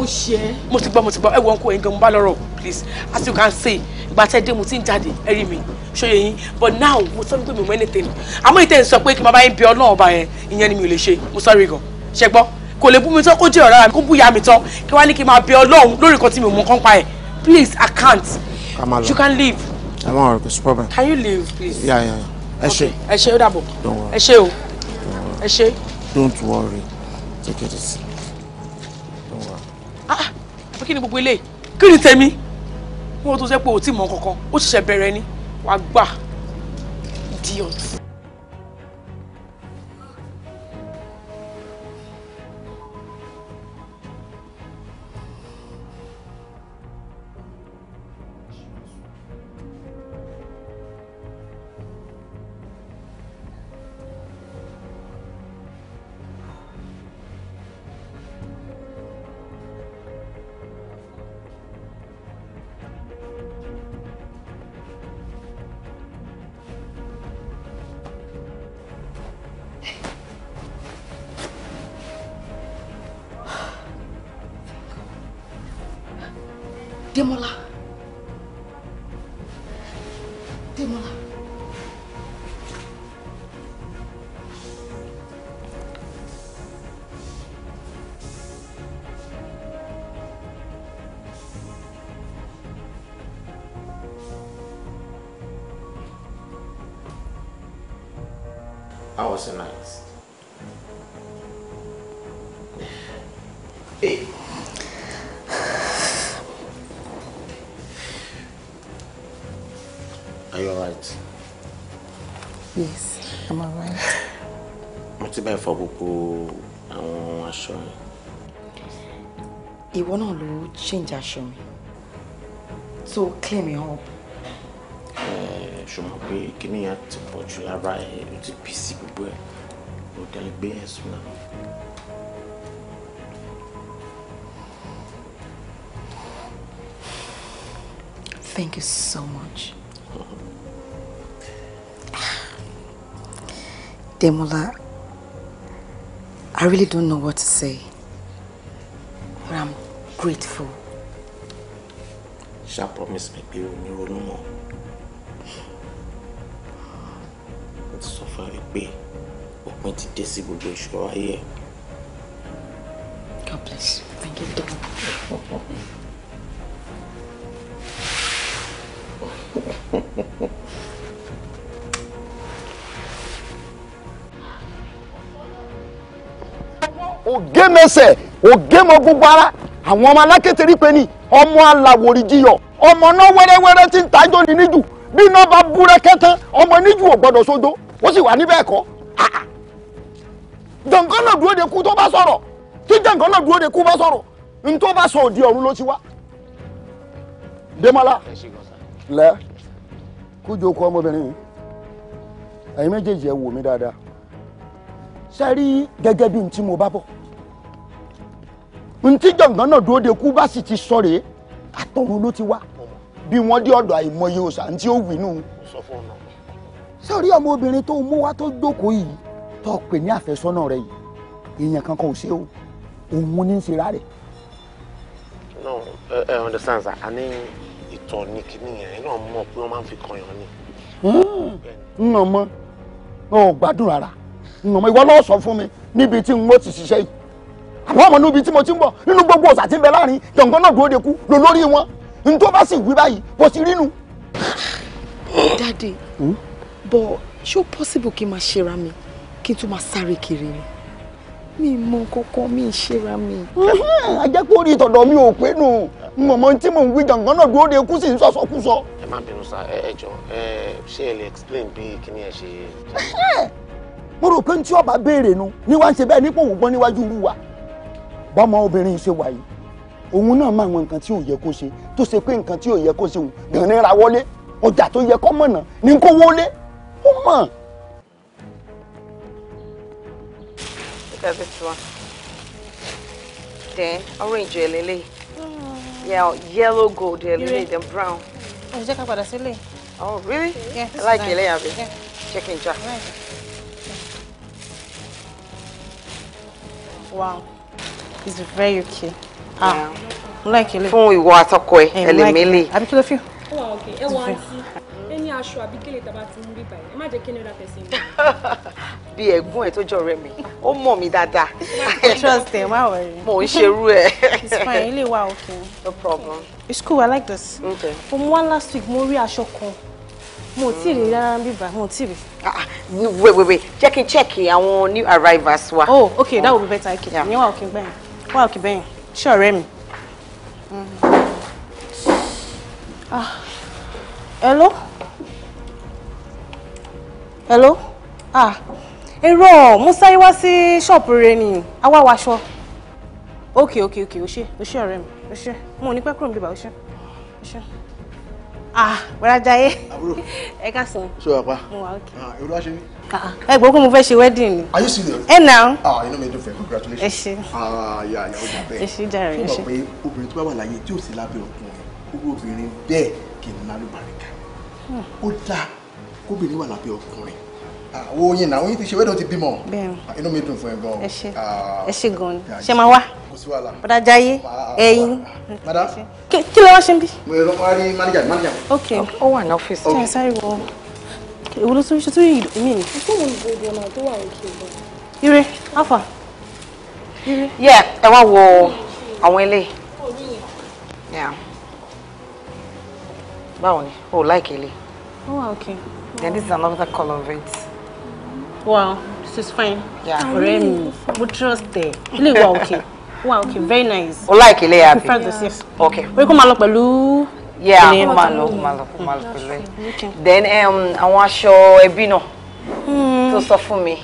mo ti gbọ́ mo ti gbọ́ ẹ wọ ọkọ ẹ̀yin gan mo bá lọ́rọ̀ please as you can see ìgbà tẹ́ dé mo ti ń jáde ẹ rí mi ṣòye yín but now mo sọ pé mi mọ anything àmọ́ ìtẹ́ ń sọ pé kí n bá bá yín bí ọlọ́run ọba yẹn ìyẹn ni mi ò lè ṣe mo sọ rí gan ṣe gbọ́ kò lè bú mi tán kó jẹ́ ọ̀rá mi kó búya mi tán kí wàá ní kí n máa bí ọlọ́run lórí nǹkan tí mi ò mọ kán pa please I can't you can leave. I'm all right, it's problem. Can you leave, please? Yeah, yeah. yeah. Eshe. Okay. Eshe, Odabo. Don't worry. Eshe, o. Eshe. Don't worry. Take it easy pé ah, kí ni gbogbo eléyìí kí ni tèmi wọn tó ṣe pé o ti mọ kankan ó ṣẹ̀ṣẹ̀ bẹ̀rẹ̀ ni wàá gbà idiot. ẹ fọ gbogbo àwọn aṣọ mi. ìwọ náà ló change aṣọ mi tó clear mi up. ṣùgbọ́n pé kíní yẹn ti pọ̀ jù lára ẹ̀ ló ti pì sí gbogbo ẹ̀ ló dẹ̀ gbé ẹ̀sùn náà. Thank you so much. Ah. Demola, I really don't know what to say. But I'm grateful. Ṣá promise me pé o ní ronú mọ́. Mo ti sọ fún ẹ pé òpin ti dé sí gbogbo ìṣòro God bless Thank you, Dad. Ha ha ha. ògé mẹsẹ̀ awọn àwọn ọmọ alákété pé ni ọmọ aláwòrì ọmọ náà wẹ́rẹ́wẹ́rẹ́ ti ń tajọ́ ní níjù bí iná bá búrẹ́kẹ́ tán ọmọ níjù ò gbọ́dọ̀ sódó ó sì wà níbẹ̀ ẹ̀kọ́ dúró de kú tó bá sọ̀rọ̀ tí de kú bá sọ̀rọ̀ n tó bá sọ òdi ọ̀run ló ti wá ntí jọ̀ǹgàn náà dúró de kú bá sì ti sọ rèé àtọ̀run ló ti wá bí wọ́n dé ọ̀dọ̀ àìmọye òòṣà ntí ó wí nù. sọ̀rí ọmọ obìnrin tó mú wá tó jókòó yìí tó pè ní àfẹ́sọ́nà rẹ yìí èèyàn kankan ò ṣe o òun ní í ṣe rárẹ̀. no ẹ ẹ understand sir a ní ìtọ̀ ní kíní yẹn iná mọ̀ pé wọ́n máa ń fi kan yàn ni. Hmm, n ò mọ n ò gbádùn rárá n ò mọ ìwọ ló sọ fún mi níbi tí n ó ti ṣiṣẹ́ yìí àwọn ọmọ níbi tí mo ti ń nínú gbogbo ọ̀sà tí ń bẹ láàrin yọ̀ǹgàn náà dúró de kú lò lórí wọn n tó bá sì wí báyìí bó ti rí hm? possible kí n máa ṣera mi kí n tún máa sáré kiri ni mi mọ kọkọ mi ṣera mi. a jẹ́ pé mi ò pé nù mọ̀mọ́ tí mò ń wí náà dúró de kú ń explain bí kíní ẹ ṣe. mo rò pé n tí ọba béèrè nu ni wàá wa. bọ́mọ obìnrin ṣe wà yìí òun náà máa wọn nǹkan tí ò yẹ kó ṣe tó ṣe pé nǹkan tí ò yẹ kó ṣe òun gan ni ra wọlé ọjà tó yẹ kó mọ̀nà ní kó wọlé ó mọ̀. Then orange eléyìí. Mm. Yeah, yellow gold eléyìí, then brown. Ẹ oh, jẹ́ ká padà sílé. Oh, really? Yeah. I like nice. Yeah. Check in, Jack. Right. Wow. It's very okay. Ah, yeah. like it. Fún ìwọ àtọkọ ẹ, ẹlẹ́mẹ́lẹ́. Àbí kí ló fi? Ó wà okay, ẹ wọ àǹtí. Ẹni aṣọ àbí kélé tàbá ti ń rí báyìí. Ẹ má jẹ́ kí ni ọ̀dà tẹ̀sí mi. Bí ẹ̀gbọ́n ẹ̀ tó jọ rẹ̀ mi, ó mọ̀ mí dáadáa. Trust ẹ̀, má wẹ̀rẹ̀. Mo ń ṣerú ẹ̀. It's fine, ilé wa okay. No problem. It's cool, I like this. Okay. From one last week, mo rí aṣọ kan mo ti rí rárá bíbá mo ti rí. Ah, ah, wait wait wait jẹ́ kí n check àwọn new arrivals wa. oh okay that would be better okay ìyẹn wà òkè gbẹ̀yìn wà òkè bẹ́yìn ṣé ọ̀rẹ́ mi. Mm-hmm. Ah, hello hello ah èrò mo sáré wá sí ṣọ́ọ̀bù rẹ ni àwa waṣọ ok ok ok o ṣe o ṣe ọ̀rẹ́ mi o ṣe mo ò ní pẹ́ kúrò níbi ìbá o ṣe o ṣe ah wẹ́rẹ́ ajayé ẹ ká sọ. ṣé o wà pa ah, èrò wá ṣe ni ẹ gbọ́ pé mo fẹ́ ṣe wedding ni. are you serious. ẹ nà. ah inú mi dùn fẹ́ congratulations. ẹ ṣe. ah ya ya ọjà bẹ́ẹ̀. ẹ ṣe jàre ẹ ṣe. fún wa pé obìnrin tó bá wà láyé tí ò sí lábẹ́ ọkùnrin irú obìnrin bẹ́ẹ̀ kì í nálù bàríkà. Hmm. ó dáa kóbìnrin wà lábẹ́ ọkùnrin. àwọn ah, oyin náà oyin ti ṣe wedding ti bímọ. bẹ́ẹ̀ ah, inú mi dùn fún ẹ gan. ẹ ṣe ah. ẹ ṣe gan ni ṣe máa wá bọ́dá jayé ẹyin kí ló wá ṣe ń bí. mo yẹ lọ́kọ́ wá rí máníjà máníjà. ok ó wà ní ọ́fíìsì èwo ló tún ṣe tún yìí mí ni. ìfún wo ìbò ìdí ọ̀nà tó wà òkè ìbò. ire afa. ire. yẹ ẹ wá wo àwọn eléyìí. báwo ni o like eléyìí. ó wà òkè. then this is another color of it. wow this is fine. ọ̀rẹ́ mi mo trust ẹ̀ ilé ìwà òkè Wow, okay. very nice. o like eléyìí àbí. I prefer this yes. okay. orí kó máa lọ pẹ̀lú yeah máa malo, malo, malo. then um, àwọn aṣọ ẹbí náà hmm. tó sọ fún mi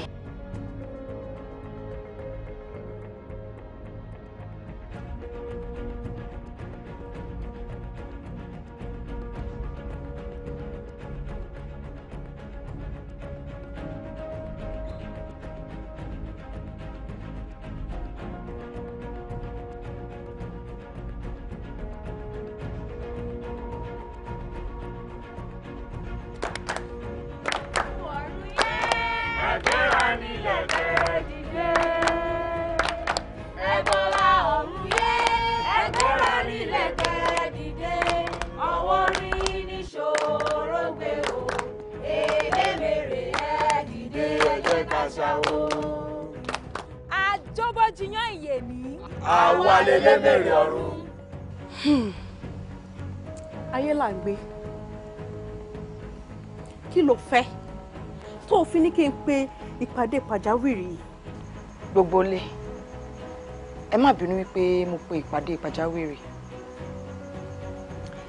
ìpàdé pàjáwìrì yìí. gbogbo ilé ẹ má bínú wípé mo pe ìpàdé pàjáwìrì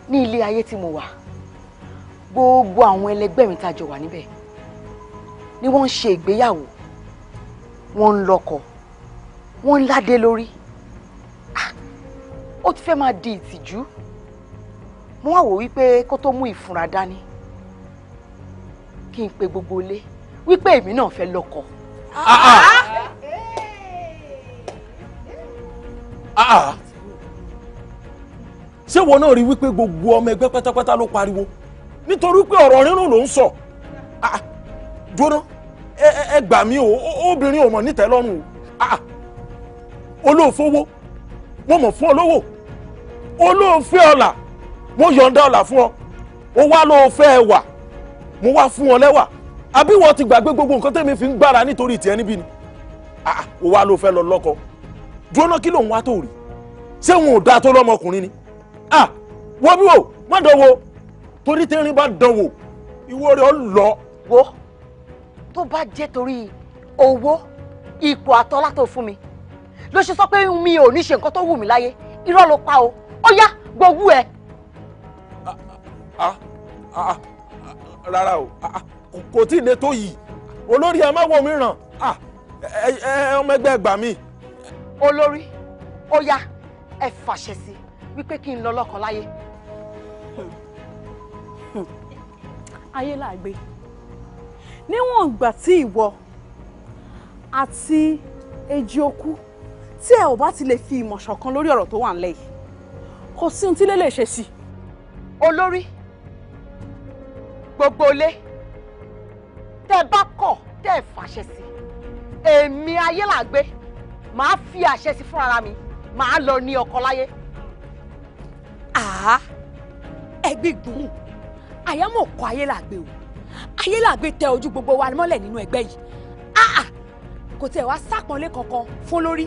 ní ilé ayé tí mo wà gbogbo àwọn ẹlẹgbẹ́ mi tá a jọ wà níbẹ̀ ni wọ́n ń ṣe ìgbéyàwó wọ́n ń lọ́kọ wọ́n ń ládé lórí ó ti fẹ́ máa di ìtìjú mo wá wò wípé kó tó mú ìfura dání kí n pe gbogbo ilé wípé èmi náà fẹ́ lọ́kọ. Ah ah ah ah. ṣé wo náà rí wípé gbogbo ọmọ ẹgbẹ́ pátápátá ló pariwo nítorí pé ọ̀rọ̀ rírùn ló ń sọ dúró ah, ah. ẹ gbà mí o obìnrin ò mọ̀ nítẹ́lọ́rùn o ah, olóòfowó mo mọ̀ fún olówó olóòfẹ́ ọ̀la mo yọ̀ǹda ọ̀la fún ọ o wá lóòfẹ́ ẹwà mo wá fún ọ lẹ́wà àbí wọ́n ti gbàgbé gbogbo nǹkan tẹ́mi fi ń gbára nítorí ìtì ẹni bí ni ò ah, ah, wá ló fẹ́ lọ lọ́kọ dúró náà kí lòun wá tó rí ṣé òun ò dáa tó lọ́mọkùnrin ni ah, wọ́n bí wò má dán wò torí tẹ́rin bá dán wò ìwọ rẹ̀ ó lọ. wo tó bá jẹ́ torí owó ipò àtọ́lá tó fún mi ló ṣe sọ pé mi ò ní ṣe nǹkan tó wù mí láyé irọ́ ló pa o ó yá gbogbo ẹ. rárá o kò tí ì lè tó yìí olórí ẹ má wo mi ràn ah, ọmọ ẹgbẹ́ ẹgbà mi. olórí ó yá ẹ fàṣẹ sí wípé kí n lọ lọ́kọ láyé. ayé làgbé níwọ̀n ìgbà tí ìwọ àti èjì okú tí ẹ ò bá ti lè fi ìmọ̀ ṣọ̀kan lórí ọ̀rọ̀ tó wà ńlẹ̀ yìí kò sí ohun tí lè lè ṣe sí olórí gbogbo ilé tẹ́ ẹ bá kọ̀ tẹ́ fàṣẹ sí èmi ayé là gbé màá fi àṣẹ sí fún mi màá lọ ní ọkọ láyé. àá ẹgbẹ́ gbòòrùn àyámọ̀ kọ ayé là gbé o ayé là gbé tẹ ojú gbogbo wa mọ́lẹ̀ nínú ẹgbẹ́ yìí àà kò tẹ̀ wá sápọ̀nlé kankan fún lórí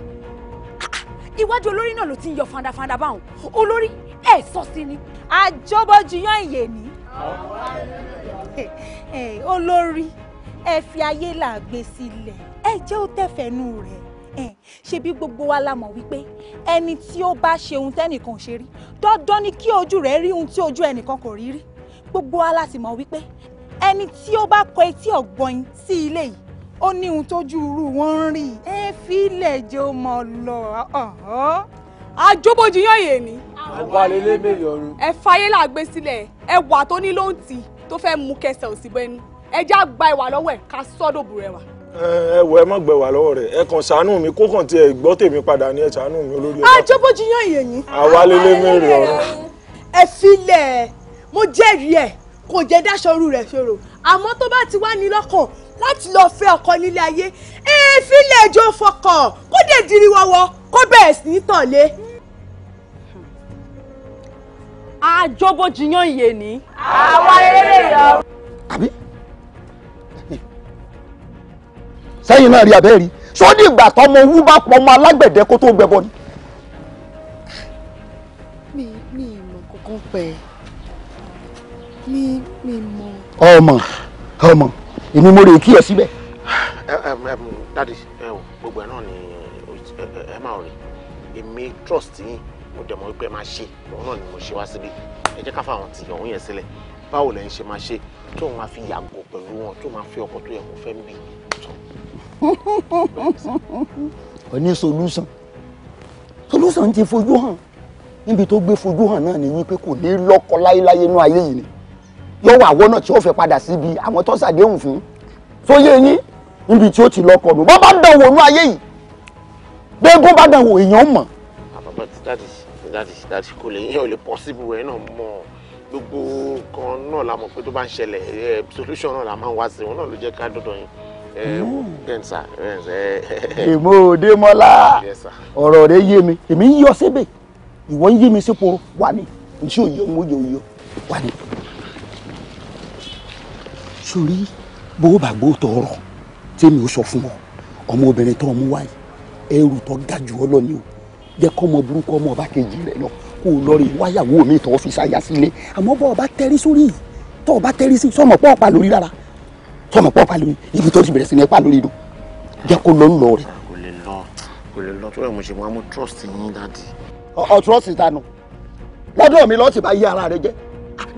iwájú olórí náà ló ti ń yọ fandafanda báwọn olórí ẹ̀ sọ sí ni àjọbọjú yan ìyè ni olórí ẹ fi ayé làgbé sílẹ̀ ẹ jẹ́ ó tẹ̀fẹ̀nu rẹ̀ ẹ ṣebí gbogbo wa la mọ̀ wípé ẹni tí ó bá ṣe ohun tẹ́nìkan ṣe rí dandan ni kí ojú rẹ̀ rí ohun tí ojú ẹnìkan kò rí rí gbogbo wa la sì mọ̀ wípé ẹni tí ó bá kọ etí ọ̀gbọ́n sí ilé yìí ó ní ohun tójú irú wọn ń rí ẹ fi ilẹ̀ jẹ́ ó mọ̀ lọ. àjọbọ̀jìyàn yèé ni. ọba lélẹ́mẹ̀yọ̀rù. ẹ fayé làgbé sílẹ̀ ẹ wà tó ní ló ń tó fẹ́ mú kẹsẹ̀ òsì bẹ́nu ẹja gba ìwà lọ́wọ́ ẹ̀ ká sọ́dọ̀bù rẹ wà. ẹ wọ ẹ má gba ìwà lọ́wọ́ rẹ ẹ kàn ṣàánú mi kó kàn tiẹ̀ gbọ́ tèmi padà ní ẹ ṣàánú mi olórí ẹ. àjọbọjú yan ìyẹn yìí. àwa lélẹ́ mẹ́rin ẹ filẹ̀ mo jẹ́rìí ẹ̀ kò jẹ́ dáṣọ́rù rẹ̀ ṣòro àmọ́ tó bá ti wá ní lọ́kàn láti lọ fẹ́ ọkọ nílé ayé ẹ filẹ̀ ẹjọ́ fọkàn kó dé diri wọ́wọ́ kó bẹ̀rẹ̀ sí ní tọ̀lé. àjọbọjú yan ìyẹn ni. àwa eré ìyàwó. àbí sẹ́yìn náà rí abẹ́rí sódì ìgbà tọmọ owó bá pọ̀ ọmọ alágbẹ̀dẹ kó tó gbẹbọ ni. mi mi mọ̀ kankan pẹ mi mi mọ̀. ọmọ ọmọ èmi mo rè kí ẹ síbẹ̀. dadi gbogbo ẹ náà ni ẹ máa rí èmi trust yín mo dẹ̀ mọ̀ wípé ẹ máa ṣe òun náà ni mo ṣe wá síbí ẹ jẹ́ ká fáwọn tìyàn òun yẹn sílẹ̀ báwo lẹ ń ṣe máa ṣe tó máa fi yàgò pẹ̀lú wọn tó máa fi ọkọ̀ tó yẹ kó fẹ́ ń ó ní solution solution ti fojú hàn níbi tó gbé fojú hàn náà ni wípé kò ní lọ́kọ láyéláyé inú ayé yìí ni yóò wà wọ́nà tí ó fẹ́ padà síbi àwọn tó ṣàdéhùn fún tó yé yín níbi tí ó ti lọ́kọ nù bọ́ bá dàn wò inú ayé yìí gbẹ́ngàn bá dàn wò èèyàn mọ̀. àbàbà tí dáàdì dáàdì dáàdì kò lè yẹn ò lè possible ẹ̀ náà mọ̀ gbogbo kan náà la mọ̀ pé tó bá ń ṣẹlẹ̀ eh, solution náà la máa ń wá sí wọn náà ló jẹ́ ká dọ̀dọ̀ yín. Hmm. Eh. èmo òdemola ọ̀rọ̀ rẹ yé mi èmi ń yọ síbẹ̀ ìwọ ń yé mi sípò wà ní ntí òye mo yọ òye wà ní. sórí bó o bá gbọ́ tọrọ tèmi ò sọ fún ọ ọmọbìnrin tó mú wáyé ẹrù tó ga jù ọ lọ ni o jẹ kọ ọmọ burúkú ọmọ ọba kejì rẹ lọ kó o lọ rí wáyàwó mi tó fi ṣáyà sílé àmọ́ bọ́ ọba tẹrí sórí yìí tọ́ ọba tẹrí sí sọmọ pọ́ọ̀pá lórí rárá sọmọ pọ̀ pa lórí ibi tó ti bẹ̀rẹ̀ sí ní pa lórí ìdùn jẹ́ kó lọ ń lọ rẹ̀. kò lè lọ kò lè lọ tó ẹ̀ mo ṣe máa mú trust yín dáàdì. ọ̀ trust ìtanù lọ́dọ̀ mi lọ́ọ́ sì bá yí ara rẹ jẹ́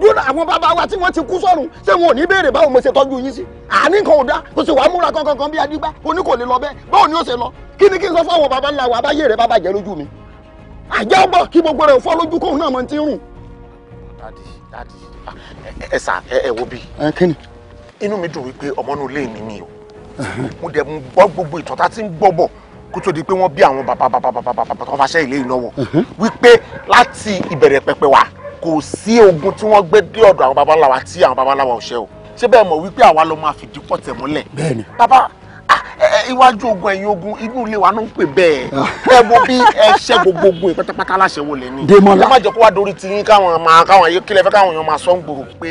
dúró àwọn bàbá wa tí wọ́n ti kú sọ́run ṣé wọn ò ní béèrè báwo mo ṣe tọ́jú yín sí àní nǹkan ò dá kò sì wàá múra kankan kan bí adigbá oní kò lè lọ bẹ́ẹ̀ báwo ni ó ṣe lọ kí ni kí n sọ fún àwọn bàbá ńlá wa abáyé rẹ bàbá jẹ lójú mi àjẹ́ ọgbọ́n kí gbogbo rẹ̀ fọ́ lójú kóun náà mọ̀ ti ń rùn. dadi ah, ẹ sà ẹ wo bí. ẹ kí ni inú mi dùn wípé ọmọ inú ilé mi ni o mo dẹ̀ mú gbọ́ gbogbo ìtàn tá a ti ń gbọ́ bọ̀ kó tó di pé wọ́n bí àwọn bàbá bàbá bàbá bàbá tó fàṣẹ ilé yìí lọ́wọ́ wípé láti ìbẹ̀rẹ̀ pẹpẹ wa kò sí ogun tí wọ́n gbé dé ọ̀dọ̀ àwọn babaláwa tí àwọn babaláwa ò ṣe o ṣé bẹ́ẹ̀ mọ̀ wípé àwa ló máa fìdí pọ̀tẹ̀ mọ́lẹ̀ bàbá iwájú ogun ẹ̀yìn ogun inú ilé wa ló ń pè bẹ́ẹ̀ ah. ẹ wo bí ẹ ṣẹ́ gbogbo ogun ìpátápátá láṣẹ wo lẹ ní. Dèmọ́lá ẹ má jẹ́ kó wá dorí ti yín káwọn máa káwọn ayé kílẹ̀ fẹ́ káwọn èèyàn máa sọ ń gbòòrò pé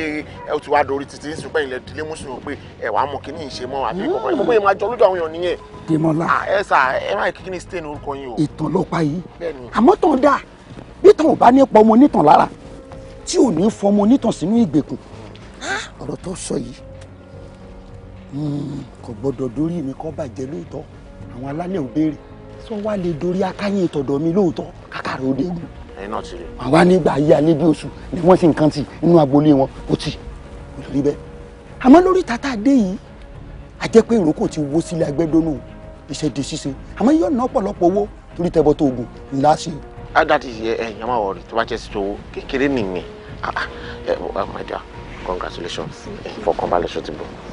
ẹ ti wá dorí ti ti ń sùpẹ́ ilẹ̀ ìdílé mùsùlùmí pé ẹ wàá mọ̀ kíní ìṣe mọ́ àbí kọ̀kọ́ ìfọ̀kọ́ yẹn máa jọ lójú àwọn èèyàn nìyẹn. Dèmọ́lá ah, ẹ sà ẹ má kíní stain orúkọ yín o. ìtàn ló pa yìí àmọ́ tàn dáa bí tàn ò bá ní pọ̀ ọmọ onítàn lára tí ò ní fọmọ onítàn sínú hmm. yìí kò gbọdọ̀ dórí mi kọ́ bàjẹ́ lóòótọ́ àwọn alálẹ̀ ò béèrè sọ wá lè dorí akáyìn tọ̀dọ̀ mi lóòótọ́ kàkàrà ó dégun. ẹ náà ti rè. àwa nígbà ayé alẹ́ bí oṣù ni wọ́n sì ń kan tì nínú agboolé wọn ó ti rí bẹ́ẹ̀. àmọ́ lórí tata dé yìí a jẹ́ pé ìrókò ti wó sílé agbẹ́dọ́nù iṣẹ́ di ṣíṣe àmọ́ yóò ná ọ̀pọ̀lọpọ̀ owó torí tẹ́bọ̀ tó oògùn ńlá sí i. adadi ẹ̀yàn máa wọrí tó bá jẹ́ sọ kékeré nìyẹn ah ah ẹ̀ eh, ẹ̀ oh, oh my dear congratulations fọkànbalẹ̀ ṣó ti bọ̀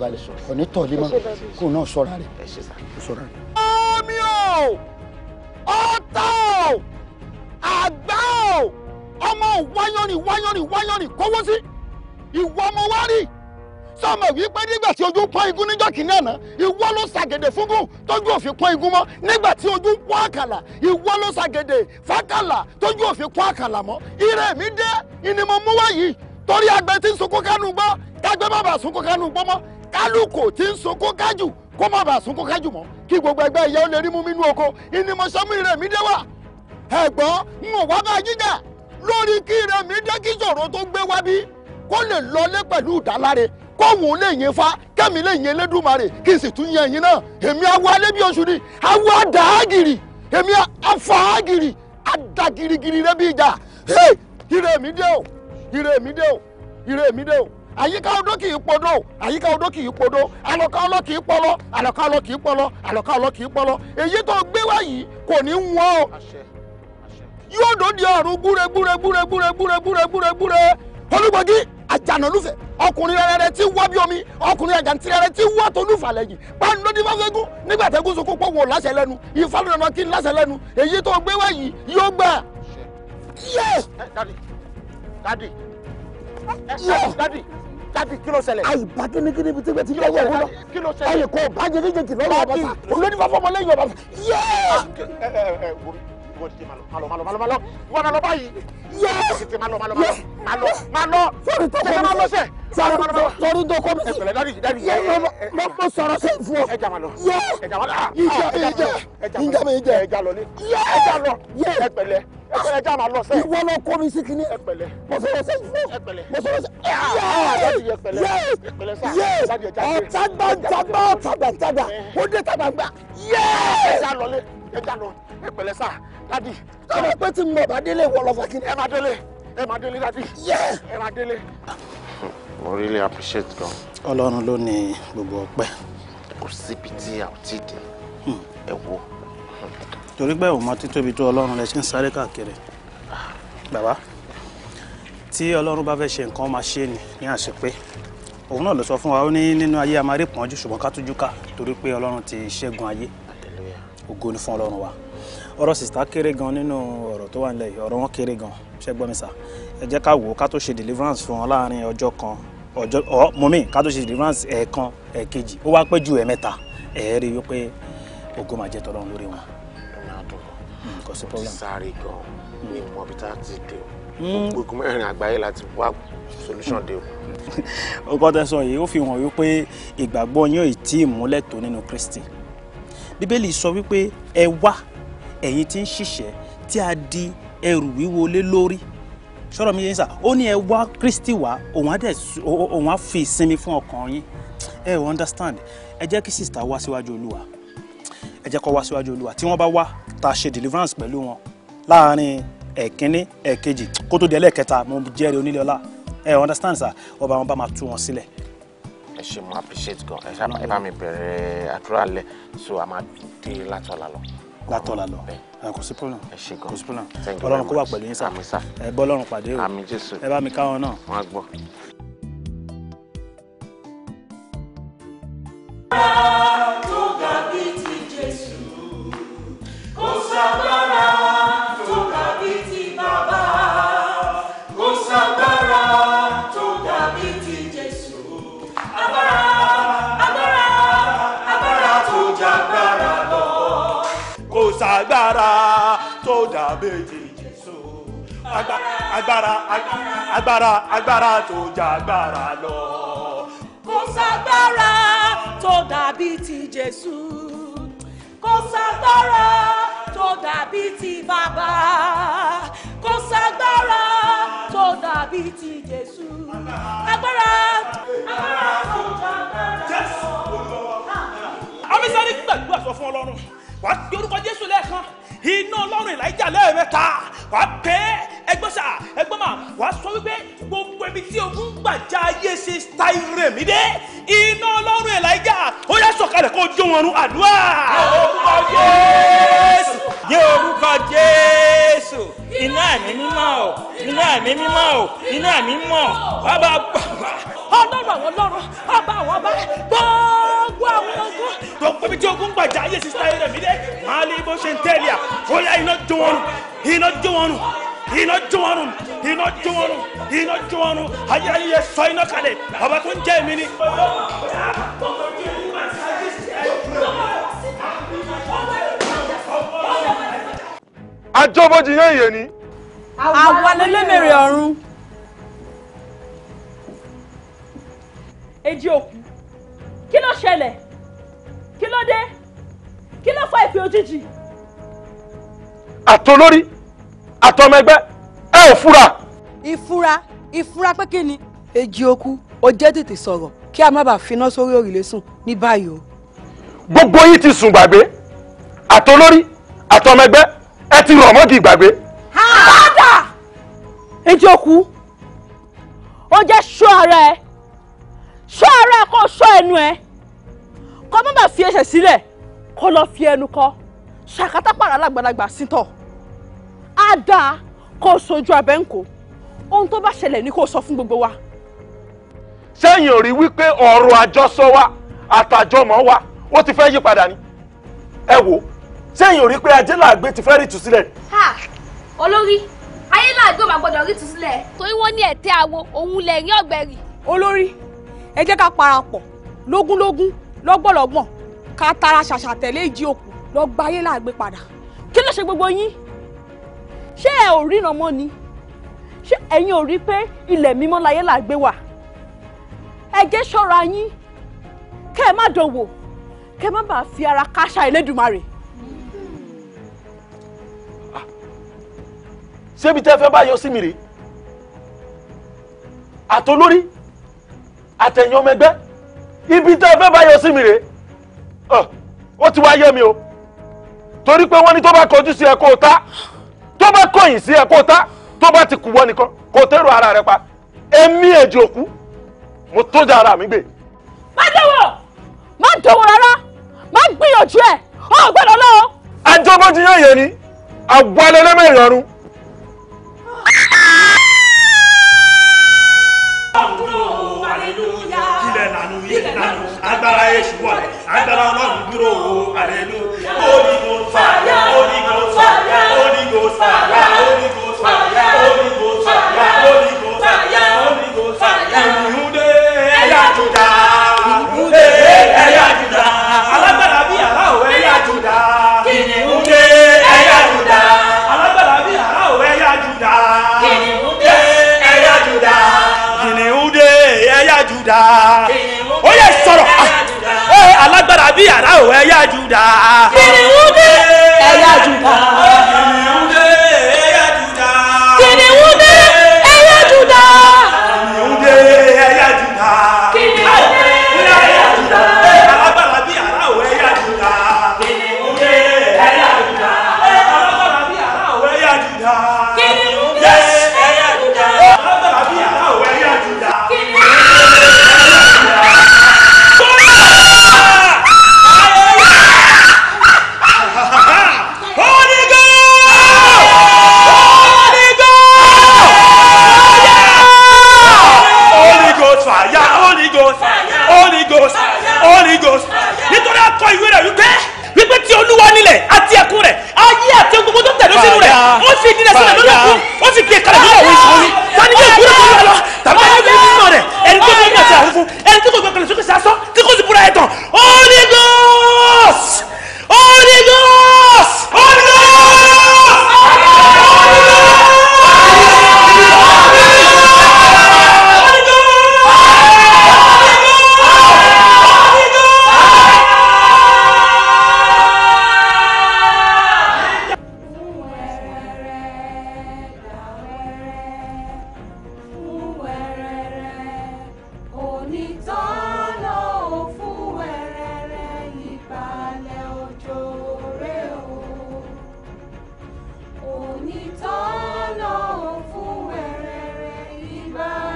bá lè sọ ọ̀ní tọ̀lé mọ́ kó náà sọ̀rọ̀ rẹ̀ kó sọ̀rọ̀ rẹ̀. omi o ọ̀tá o àgbá o ọmọ wáyọ̀nì wáyọ̀nì wáyọ̀nì kówó sí ìwọ ọmọ wa rí sọmọ wípé nígbà tí ojú pọ́n igun níjọ́ kìíní àná ìwọ ló ṣàgèdè fúngún tójú òfin pọ́n igun mọ́ nígbà tí ojú pọ́n àkàlà ìwọ ló ṣàgèdè fákàlà tójú òfin pọ́n àkàlà mọ́ ire dé ìnimọ̀ mú wáyìí torí àgbẹ̀ tí ń sunkún kánú gbọ́ kágbẹ́ má bàa sunkún kánú gbọ́ mọ́ kálukò tí ń sunkún kájù kó má bàa sunkún kájù mọ́ kí gbogbo ẹgbẹ́ ìyá ó lè rí mú mi nú oko ìní mo sọ́mú ìrẹ̀ mi dé wà ẹ̀gbọ́n ń wá bá jíjà lórí kí ìrẹ̀ mi dé kí ìṣòro tó gbé wá bí kó lè lọlé pẹ̀lú ìdáláre kóhùn lè yẹn fa kẹ́mi lè yẹn lẹ́dùnmarè kí n sì tún yẹn yín náà èmi awọ alẹ́ bí oṣù ni awọ àdàgìrì èmi afọ àgìrì àdàgìrìgìrì rẹ bí ìjà ìrẹ̀ mi dé o ire mi dé o ire mi dé o àyíká odó kì í podó àyíká odó kì í podó àlọ́ká ọlọ́ kì í pọlọ́ àlọ́ká ọlọ́ kì í pọlọ́ àlọ́ká ọlọ́ kì í pọlọ́ èyí tó gbé wá yìí kò ní wọ́n o yóò dòde ọ̀run gbúre gbúre gbúre gbúre gbúre gbúre gbúre gbúre olúgbọ́gí àjànàlúfẹ̀ ọkùnrin rẹ̀rẹ̀ tí wọ́ bí omi ọkùnrin àjàntìrẹ̀rẹ̀ tí wọ́ tolúfà lẹ́yìn pàǹdọ́dí fáfẹ́gún nígbà tẹ́gùn sunkún pọ̀ wọ́n láṣẹ lẹ́nu ìfàlùdànà kí n láṣẹ lẹ́nu èyí tó gbé yes dadi dadi dadi kí ló ṣẹlẹ̀. ayi ba gẹ́gẹ́ bi tẹ́gbẹ́ ti yẹ wọ́n wọ́n ayi kò ba gẹ́gẹ́ ti lọ́wọ́ ọba sa olórí bá fọmọ lẹ́yìn ọba sa ah, yẹ́ẹ́. Wo ti ma lọ, ma lọ, malo, malo, malo, malo, ma lọ, ìwọ ma lọ báyìí. Yẹ́ẹ́ ti malo, malo, malo, malo, ma lọ, ma lọ, ma lọ. Sọ̀rọ̀ tó kọ́ mi sí. Sọ̀rọ̀ tó kọ́ mi sí. Ẹ̀pẹ̀lẹ̀ dárí, dárí. Yẹ́ẹ́ mo mo sọ̀rọ̀ sí fún ọ. Ẹja ma lọ. Yẹ́ẹ́ ìjà ah, mi ìjà ìjà mi ìjà. Ẹja lọ ní. Yẹ́ẹ́ ẹja lọ. Yẹ́ẹ́ ẹpẹ̀lẹ̀ ẹpẹlẹ já máa lọ sẹ. ìwọ lọ kó mi sí kinní. ẹpẹlẹ mọsọlọsẹ ìfọ mọsọlọsẹ. yéé yéé ọ̀tàgbàǹtàgbà ọ̀tàgbàǹtàgbà ó dé tàgbàǹgbà yéé. ẹja lọ lé ẹja lọ ẹpẹlẹ sá dadi. sọ̀rọ̀ pé tí mo délé ìwọ kinní. ẹ máa délé ẹ máa délé dadi. yéé ẹ máa délé. mo really appreciate gan. ọlọ́run ló ní gbogbo ọpẹ́. kò síbi tí a ò tí dé hmm. ẹ wo torí pé òun mọ títóbi tó ọlọ́run lẹ ṣe ń sáré káàkiri bàbá tí ọlọ́run bá fẹ́ ṣe nǹkan máa ṣe ni ní àṣepé òun náà ló sọ fún wa ó ní nínú ayé a máa rí pọ́njú ṣùgbọ́n ká tújú ká torí pé ọlọ́run ti ṣẹ́gun ayé ògo ni fún ọlọ́run wa ọ̀rọ̀ sìstá kéré gan nínú ọ̀rọ̀ tó wà nílẹ̀ yìí ọ̀rọ̀ wọn kéré gan ṣẹ́gbọ́n mi sà ẹ jẹ́ ká wò ó ká tó ṣe deliverance fún wọn láàrin ọjọ́ kan ọjọ́ ọ mọ́mí ká tó ṣe deliverance ẹ̀ẹ̀kan ẹ̀ẹ̀kejì ó wá pẹ́ ju ẹ̀ẹ̀mẹ́ta ẹ̀ẹ́ rí i pé ògo máa jẹ́ tọ́lọ́run lórí wọn sí problem. sáré gan ni mo bí tá a ti dé o hmm. gbogbo mẹ́rin àgbáyé láti wá solution dé o. o kọ́ tẹ́ sọ yìí ó fi hàn wípé ìgbàgbọ́ yín ò tí ì múlẹ̀ tó nínú Kristi bíbélì sọ wípé ẹ wá ẹ̀yin tí ń ṣiṣẹ́ tí a di ẹrù wíwo lé lórí sọ̀rọ̀ mi yẹn sà ó ní ẹ wá Kristi wá òun á fi ìsinmi fún ọkàn yín ẹ understand ẹ jẹ́ kí sista wá síwájú Olúwa ẹ jẹ́ kó wá síwájú olúwa tí wọ́n bá wá tá ṣe deliverance pẹ̀lú wọn láàárín ẹ̀kínní ẹ̀kejì kó tó di ẹlẹ́ẹ̀kẹta mo jẹ́rìí onílé ọlá ẹ understand sir ọba wọn bá máa tú wọn sílẹ̀. ẹ ṣe mo appreciate gan ẹ ṣáà bá mi bẹ̀rẹ̀ àdúrà lẹ so a máa dé látọ̀la lọ. látọ̀la lọ kò sí problem kò sí problem ọlọ́run kó wà pẹ̀lú yín sá ẹ bọ́ pàdé o ẹ bá mi káwọn náà. wọ́n á gbọ́. agbára tó dàbèjì jésù agbára agbára agbára tó jà agbára lọ. kò ságbára tó dàbí ti jésù kò ságbára tó dàbí ti bàbá kò ságbára tó dàbí ti jésù agbára agbára tó jà agbára lọ. àmì sáré gbàdúrà sọ fún ọlọ́run wàá gbé orúkọ jésù lẹ́ẹ̀kan iná ọlọ́run ìlàjà lẹ́ẹ̀mẹ́ta wàá pẹ́ ẹgbọ́n sà ẹgbọ́n mà wàá sọ wípé gbogbo ibi tí ogun gbàjà ayé ṣe ta ire mi dé iná ọlọ́run ìlàjà ó yá sọ̀kalẹ̀ kó jó wọn run àdúrà. orúkọ jésù ní orúkọ jésù iná ẹ̀mí mímọ́ o iná ẹ̀mí mímọ́ o iná ẹ̀mí mímọ́ bàbá bàbá. ọlọ́run àwọn ọlọ́run ọba àwọn ọba gbọ́ọ́ wá àwọn ogún. tó ń pẹ́bí tí ogún gbàjà ayé sísá ayé rẹ̀ mí máa lé bó ṣe ń tẹ́lẹ̀ à ó yá iná jó wọn nù iná jó wọn nù iná jó wọn nù iná jó wọn nù iná jó wọn nù ayé sọ iná kalẹ̀ bàbá tó ń jẹ́ èmi ni. àjọbọ̀jì yẹn yẹn ni. àwa lélẹ́mẹ̀rẹ̀ ọ̀run. èjì kí ló ṣẹlẹ̀ kí ló dé kí ló fa ìpè òjijì. àtolórí àtọmọ ẹgbẹ́ ẹ ò fura. ìfura ìfura pé kí ni. èjì okú o jẹ́ tètè sọ̀rọ̀ kí a má bàa finá sórí òrìlé sùn ní báyìí o. gbogbo yìí ti sùn gbàgbé àtolórí àtọmọ ẹgbẹ́ ẹ ti rọ̀ mọ́dì gbàgbé. àádà èjì okú ó jẹ́ sọ ara ẹ ṣọ́ ara ẹ̀ kó ṣọ́ ẹnu ẹ̀ kó má bàa fi ẹsẹ̀ sílẹ̀ kó lọ́ọ́ fi ẹnu kọ́ ṣàkátà pàrọ̀ alágbàlagbà síntọ̀ á dáa kó sojú abẹ́ ń kó ohun tó bá ṣẹlẹ̀ ni kó sọ fún gbogbo wa. sẹ́yìn ò rí wípé ọ̀rọ̀ àjọsọ wa àtàjọmọ̀ wa ó ti fẹ́ yí padà ni ẹ wò sẹ́yìn ò rí pé ajé làgbé ti fẹ́ rí ìtúsílẹ̀. ha olórí ayé làgbé ò máa gbọdọ̀ rí ìtúsílẹ̀. torí wọ́n ní ẹ̀tẹ́ awo òun lẹ̀rín ọ̀gbẹ̀rì. olórí ẹ jẹ́ ká parapọ̀ lógúnlógún lọ́gbọ̀lọ́gbọ̀n ká tara ṣàṣà tẹ̀lé ìjì òkú lọ gbáyé láàgbé padà kí ló ṣe gbogbo yín ṣé ẹ ò ríran mọ́ ni ṣé ẹ̀yin ò rí pé ilẹ̀ mímọ́ láyé làgbé wà ẹ jẹ́ ṣọ́ra yín kẹ́ ẹ má dánwò kẹ́ ẹ má bàa fi ara káṣá Ẹlẹ́dùmarè. Ah. ṣébi tẹ́ fẹ́ bá sí mi rèé àtolórí àtẹ̀yìn ọmọ ẹgbẹ́ ibi tẹ́ ẹ fẹ́ bá yọ sí mi rèé ó ti wá mi o torí pé wọ́n ní tó bá kọjú sí ẹ kó o ta tó bá kọ̀yìn sí ẹ kó o ta tó bá ti kù wọ́n nìkan kò tẹ́rù ara rẹ pa èmi èjì òkú mo tójà ara mi gbé. má dẹ̀wọ̀ má dẹ̀wọ̀ rárá má gbìyànjú ẹ̀ ọ̀ gbẹ́dọ̀ lọ́wọ́. ajọ́ bó ti yán yẹn ni àgbọ̀lẹ́lẹ́mẹ̀ agbára èṣù wà agbára ọlọ́run dúró o àrẹ́lú Holy Ghost fàyà Holy Ghost fàyà Holy Ghost fàyà Holy Ghost fàyà Holy Ghost fàyà Holy Ghost fàyà Holy Ghost fàyà ìhúndé ẹ̀yà jùdá ìhúndé ẹ̀yà jùdá alágbára bíi àrà òwe ẹ̀yà jùdá kìnìúndé ẹ̀yà jùdá alágbára bíi àrà òwe ẹ̀yà jùdá kìnìúndé ẹ̀yà jùdá kìnìúndé ẹ̀yà jùdá bí yàrá òwe ẹ̀yà jù dáa. kìnìún dé ẹ̀yà jù dáa. Holy Ghost nítorí akọ ìwé rẹ̀ wípé wípé tí olúwa nílẹ̀ àti ẹ̀kún rẹ̀ ayé àti ohun gbogbo tó tẹ̀lé sínú rẹ̀ ó fi ìdílé sílẹ̀ lọ́nà kú ó fi fi ìkàlẹ̀ lọ́wọ́ ìwé ìṣòro tani yóò gbúdọ̀ tó lọ tàbí ẹni tó fi mímọ rẹ̀ ẹni tó fi mímọ sí àwọn fún ẹni tó kò gbẹkẹlẹ sókè sásọ tí kò sì búra ẹ̀ tán Holy Ghost.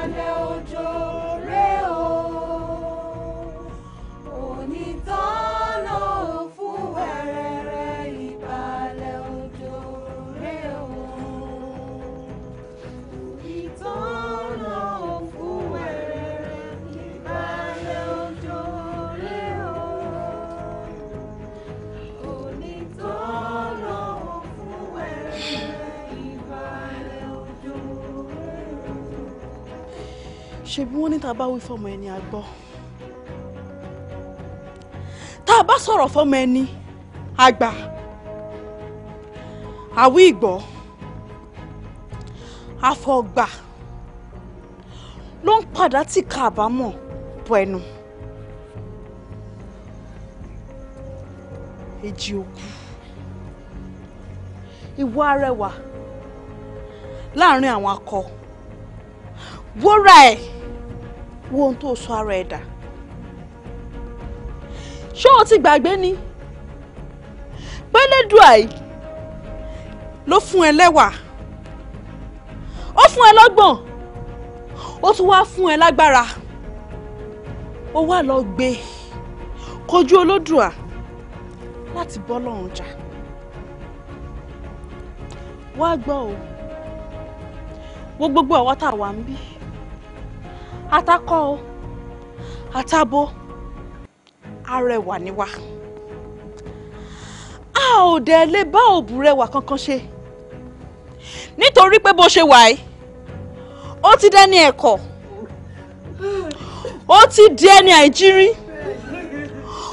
alẹ́ òjò. ṣebí wọ́n ní tá a bá wí fọmọ ẹni a gbọ́ tá a bá sọ̀rọ̀ fọmọ ẹni a gbà àwí ìgbọ́ àfọ̀gbà ló ń padà tí kábàámọ̀ bọ ẹnu èjì òkú ìwọ arẹwà láàrin àwọn akọ wúrà ẹ̀ wo ohun tó sọ ara ẹ̀ dà ṣé o ti gbàgbé ni pẹ́lẹ́dùà yìí ló fún ẹ lẹ́wà ó fún ẹ lọ́gbọ̀n ó tún wá fún ẹ lágbára ó wá lọ gbé kojú olódùà láti bọ́ lọ́run jà wá gbọ́ o wo gbogbo àwa tá a wà ń bí atakọ o atabo arẹwà ni wá a ò dẹ̀ lè bá òbúrẹ́wà kankan ṣe nítorí pé bó ṣe wà yìí ó ti dẹ́ni ẹ̀kọ́ ó ti di ẹni àìjírí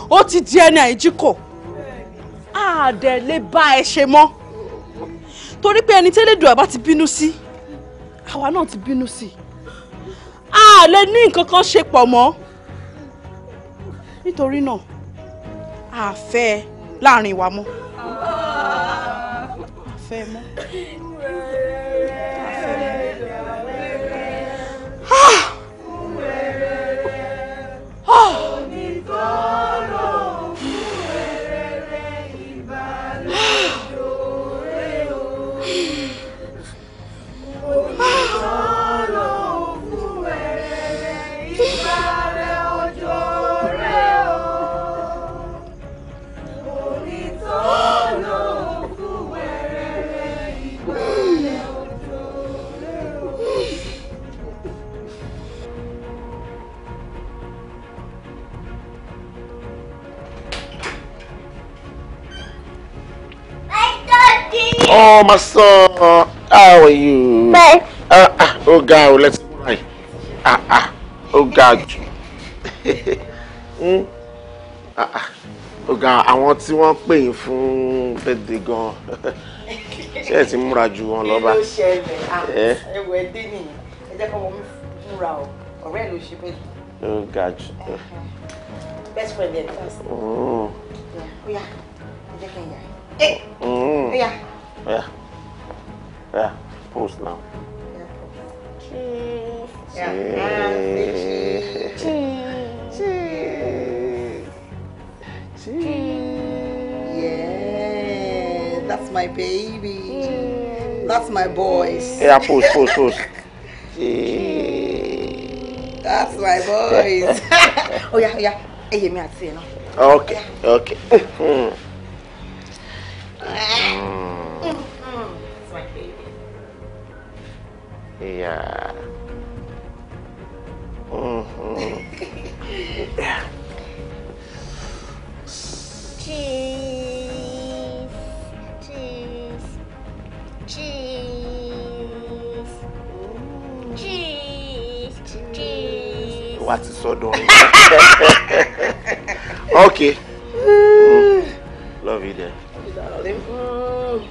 ó ti di ẹni àìjíkọ̀ a dẹ̀ lè bá ẹ ṣe mọ́ torí pé ẹni tẹ́lẹ̀dùn àbá ti bínú sí àwa náà ti bínú sí i a lè ní nǹkan kan ṣe pọ̀ mọ́ nítorí náà a fẹ́ ẹ láàrin wa mọ́ a fẹ́ mọ́. Oh, my son. How are you? Bye. Uh, ah, oh, God, oh, let's go right. Ah, ah. Oh, God. mm. Ah, ah. Oh, God, àwọn tí to pè yín fún birthday gan. Ṣé ẹ ti múra ju wọn lọ bá? Kí ló ṣẹlẹ̀? Ẹ̀wọ̀ ẹ̀dẹ́ nìyẹn. Ẹ jẹ́ kọ́ wọ́n múra o. Ọ̀rẹ́ ló ṣe bẹ́ẹ̀. Oh, God. Best friend ẹ̀ first. Hmm. Ó yá, ẹ jẹ́ kí n yà. Yeah. Yeah. Pose now. Yeah. Cheese. Cheese. Cheese. Cheese. Yeah. That's my baby. Cheese. That's my boys. Yeah, pose, pose, pose. Cheese. That's my boys. oh yeah, yeah. Hey, me at see, no. Okay, okay. Mm. Mm. Yeah. hmm Cheese. Cheese. Cheese. Cheese. Cheese. What is so done? okay. Mm. Love you there. Mm.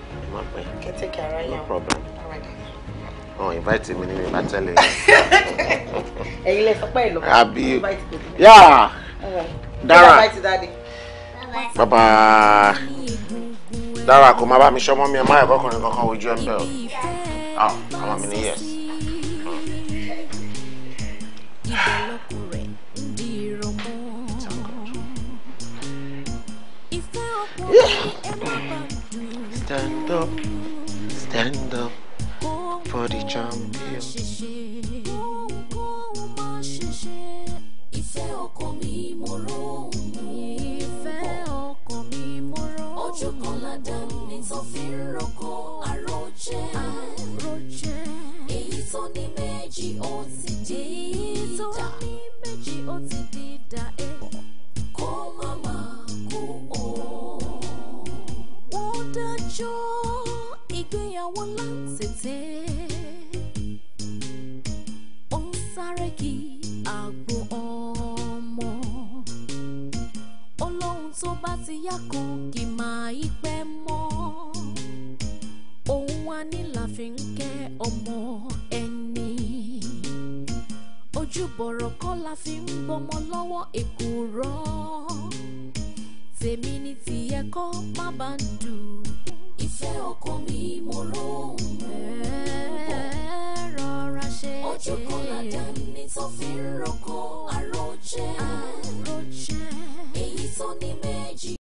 No problem. Oh, invite mi ní mi bá tẹ́lẹ̀. ẹ̀yin lẹ sọ pé ìlọ. àbí yà dára bàbá dára kò má bá mi ṣọmọ mi ẹ má ẹ̀kọ́ ọkùnrin kankan ojú ẹ̀ ń bẹ̀ o àwọn ah, mi ní yes. Yeah. Hmm. Stand up, stand up for the champion. Ìfẹ́ ọkàn mi mo rò mí. Ìfẹ́ ọkàn mi mo rò mí. Ojú kan ládà mi tó fi ń roko àròjẹ. Àròjẹ. Èyí tó ní méjì ó ti di ìdá. Èyí tó ní méjì ó ti di ìdá. Kó má má kú o. Wọ́n dájọ́ ìgbéyàwó láǹtètè ó ń sáré kí àgbo ọmọ olóhun tó bá ti yá kan kì máa í pẹ́ mọ́ òun wa ní la fi kẹ́ ọmọ ẹni ojúbọ̀rọ̀ kọ́ la fi ń gbọ́mọ lọ́wọ́ èkùrọ́ tèmi ni tìyẹ kọ́ má bá ń dùn ìfẹ́ ọkàn mi mo lóhùn rọra ṣe é ojú kan làdá mi tó fi ń rọkàn àròjẹ èyí tó ní méjì.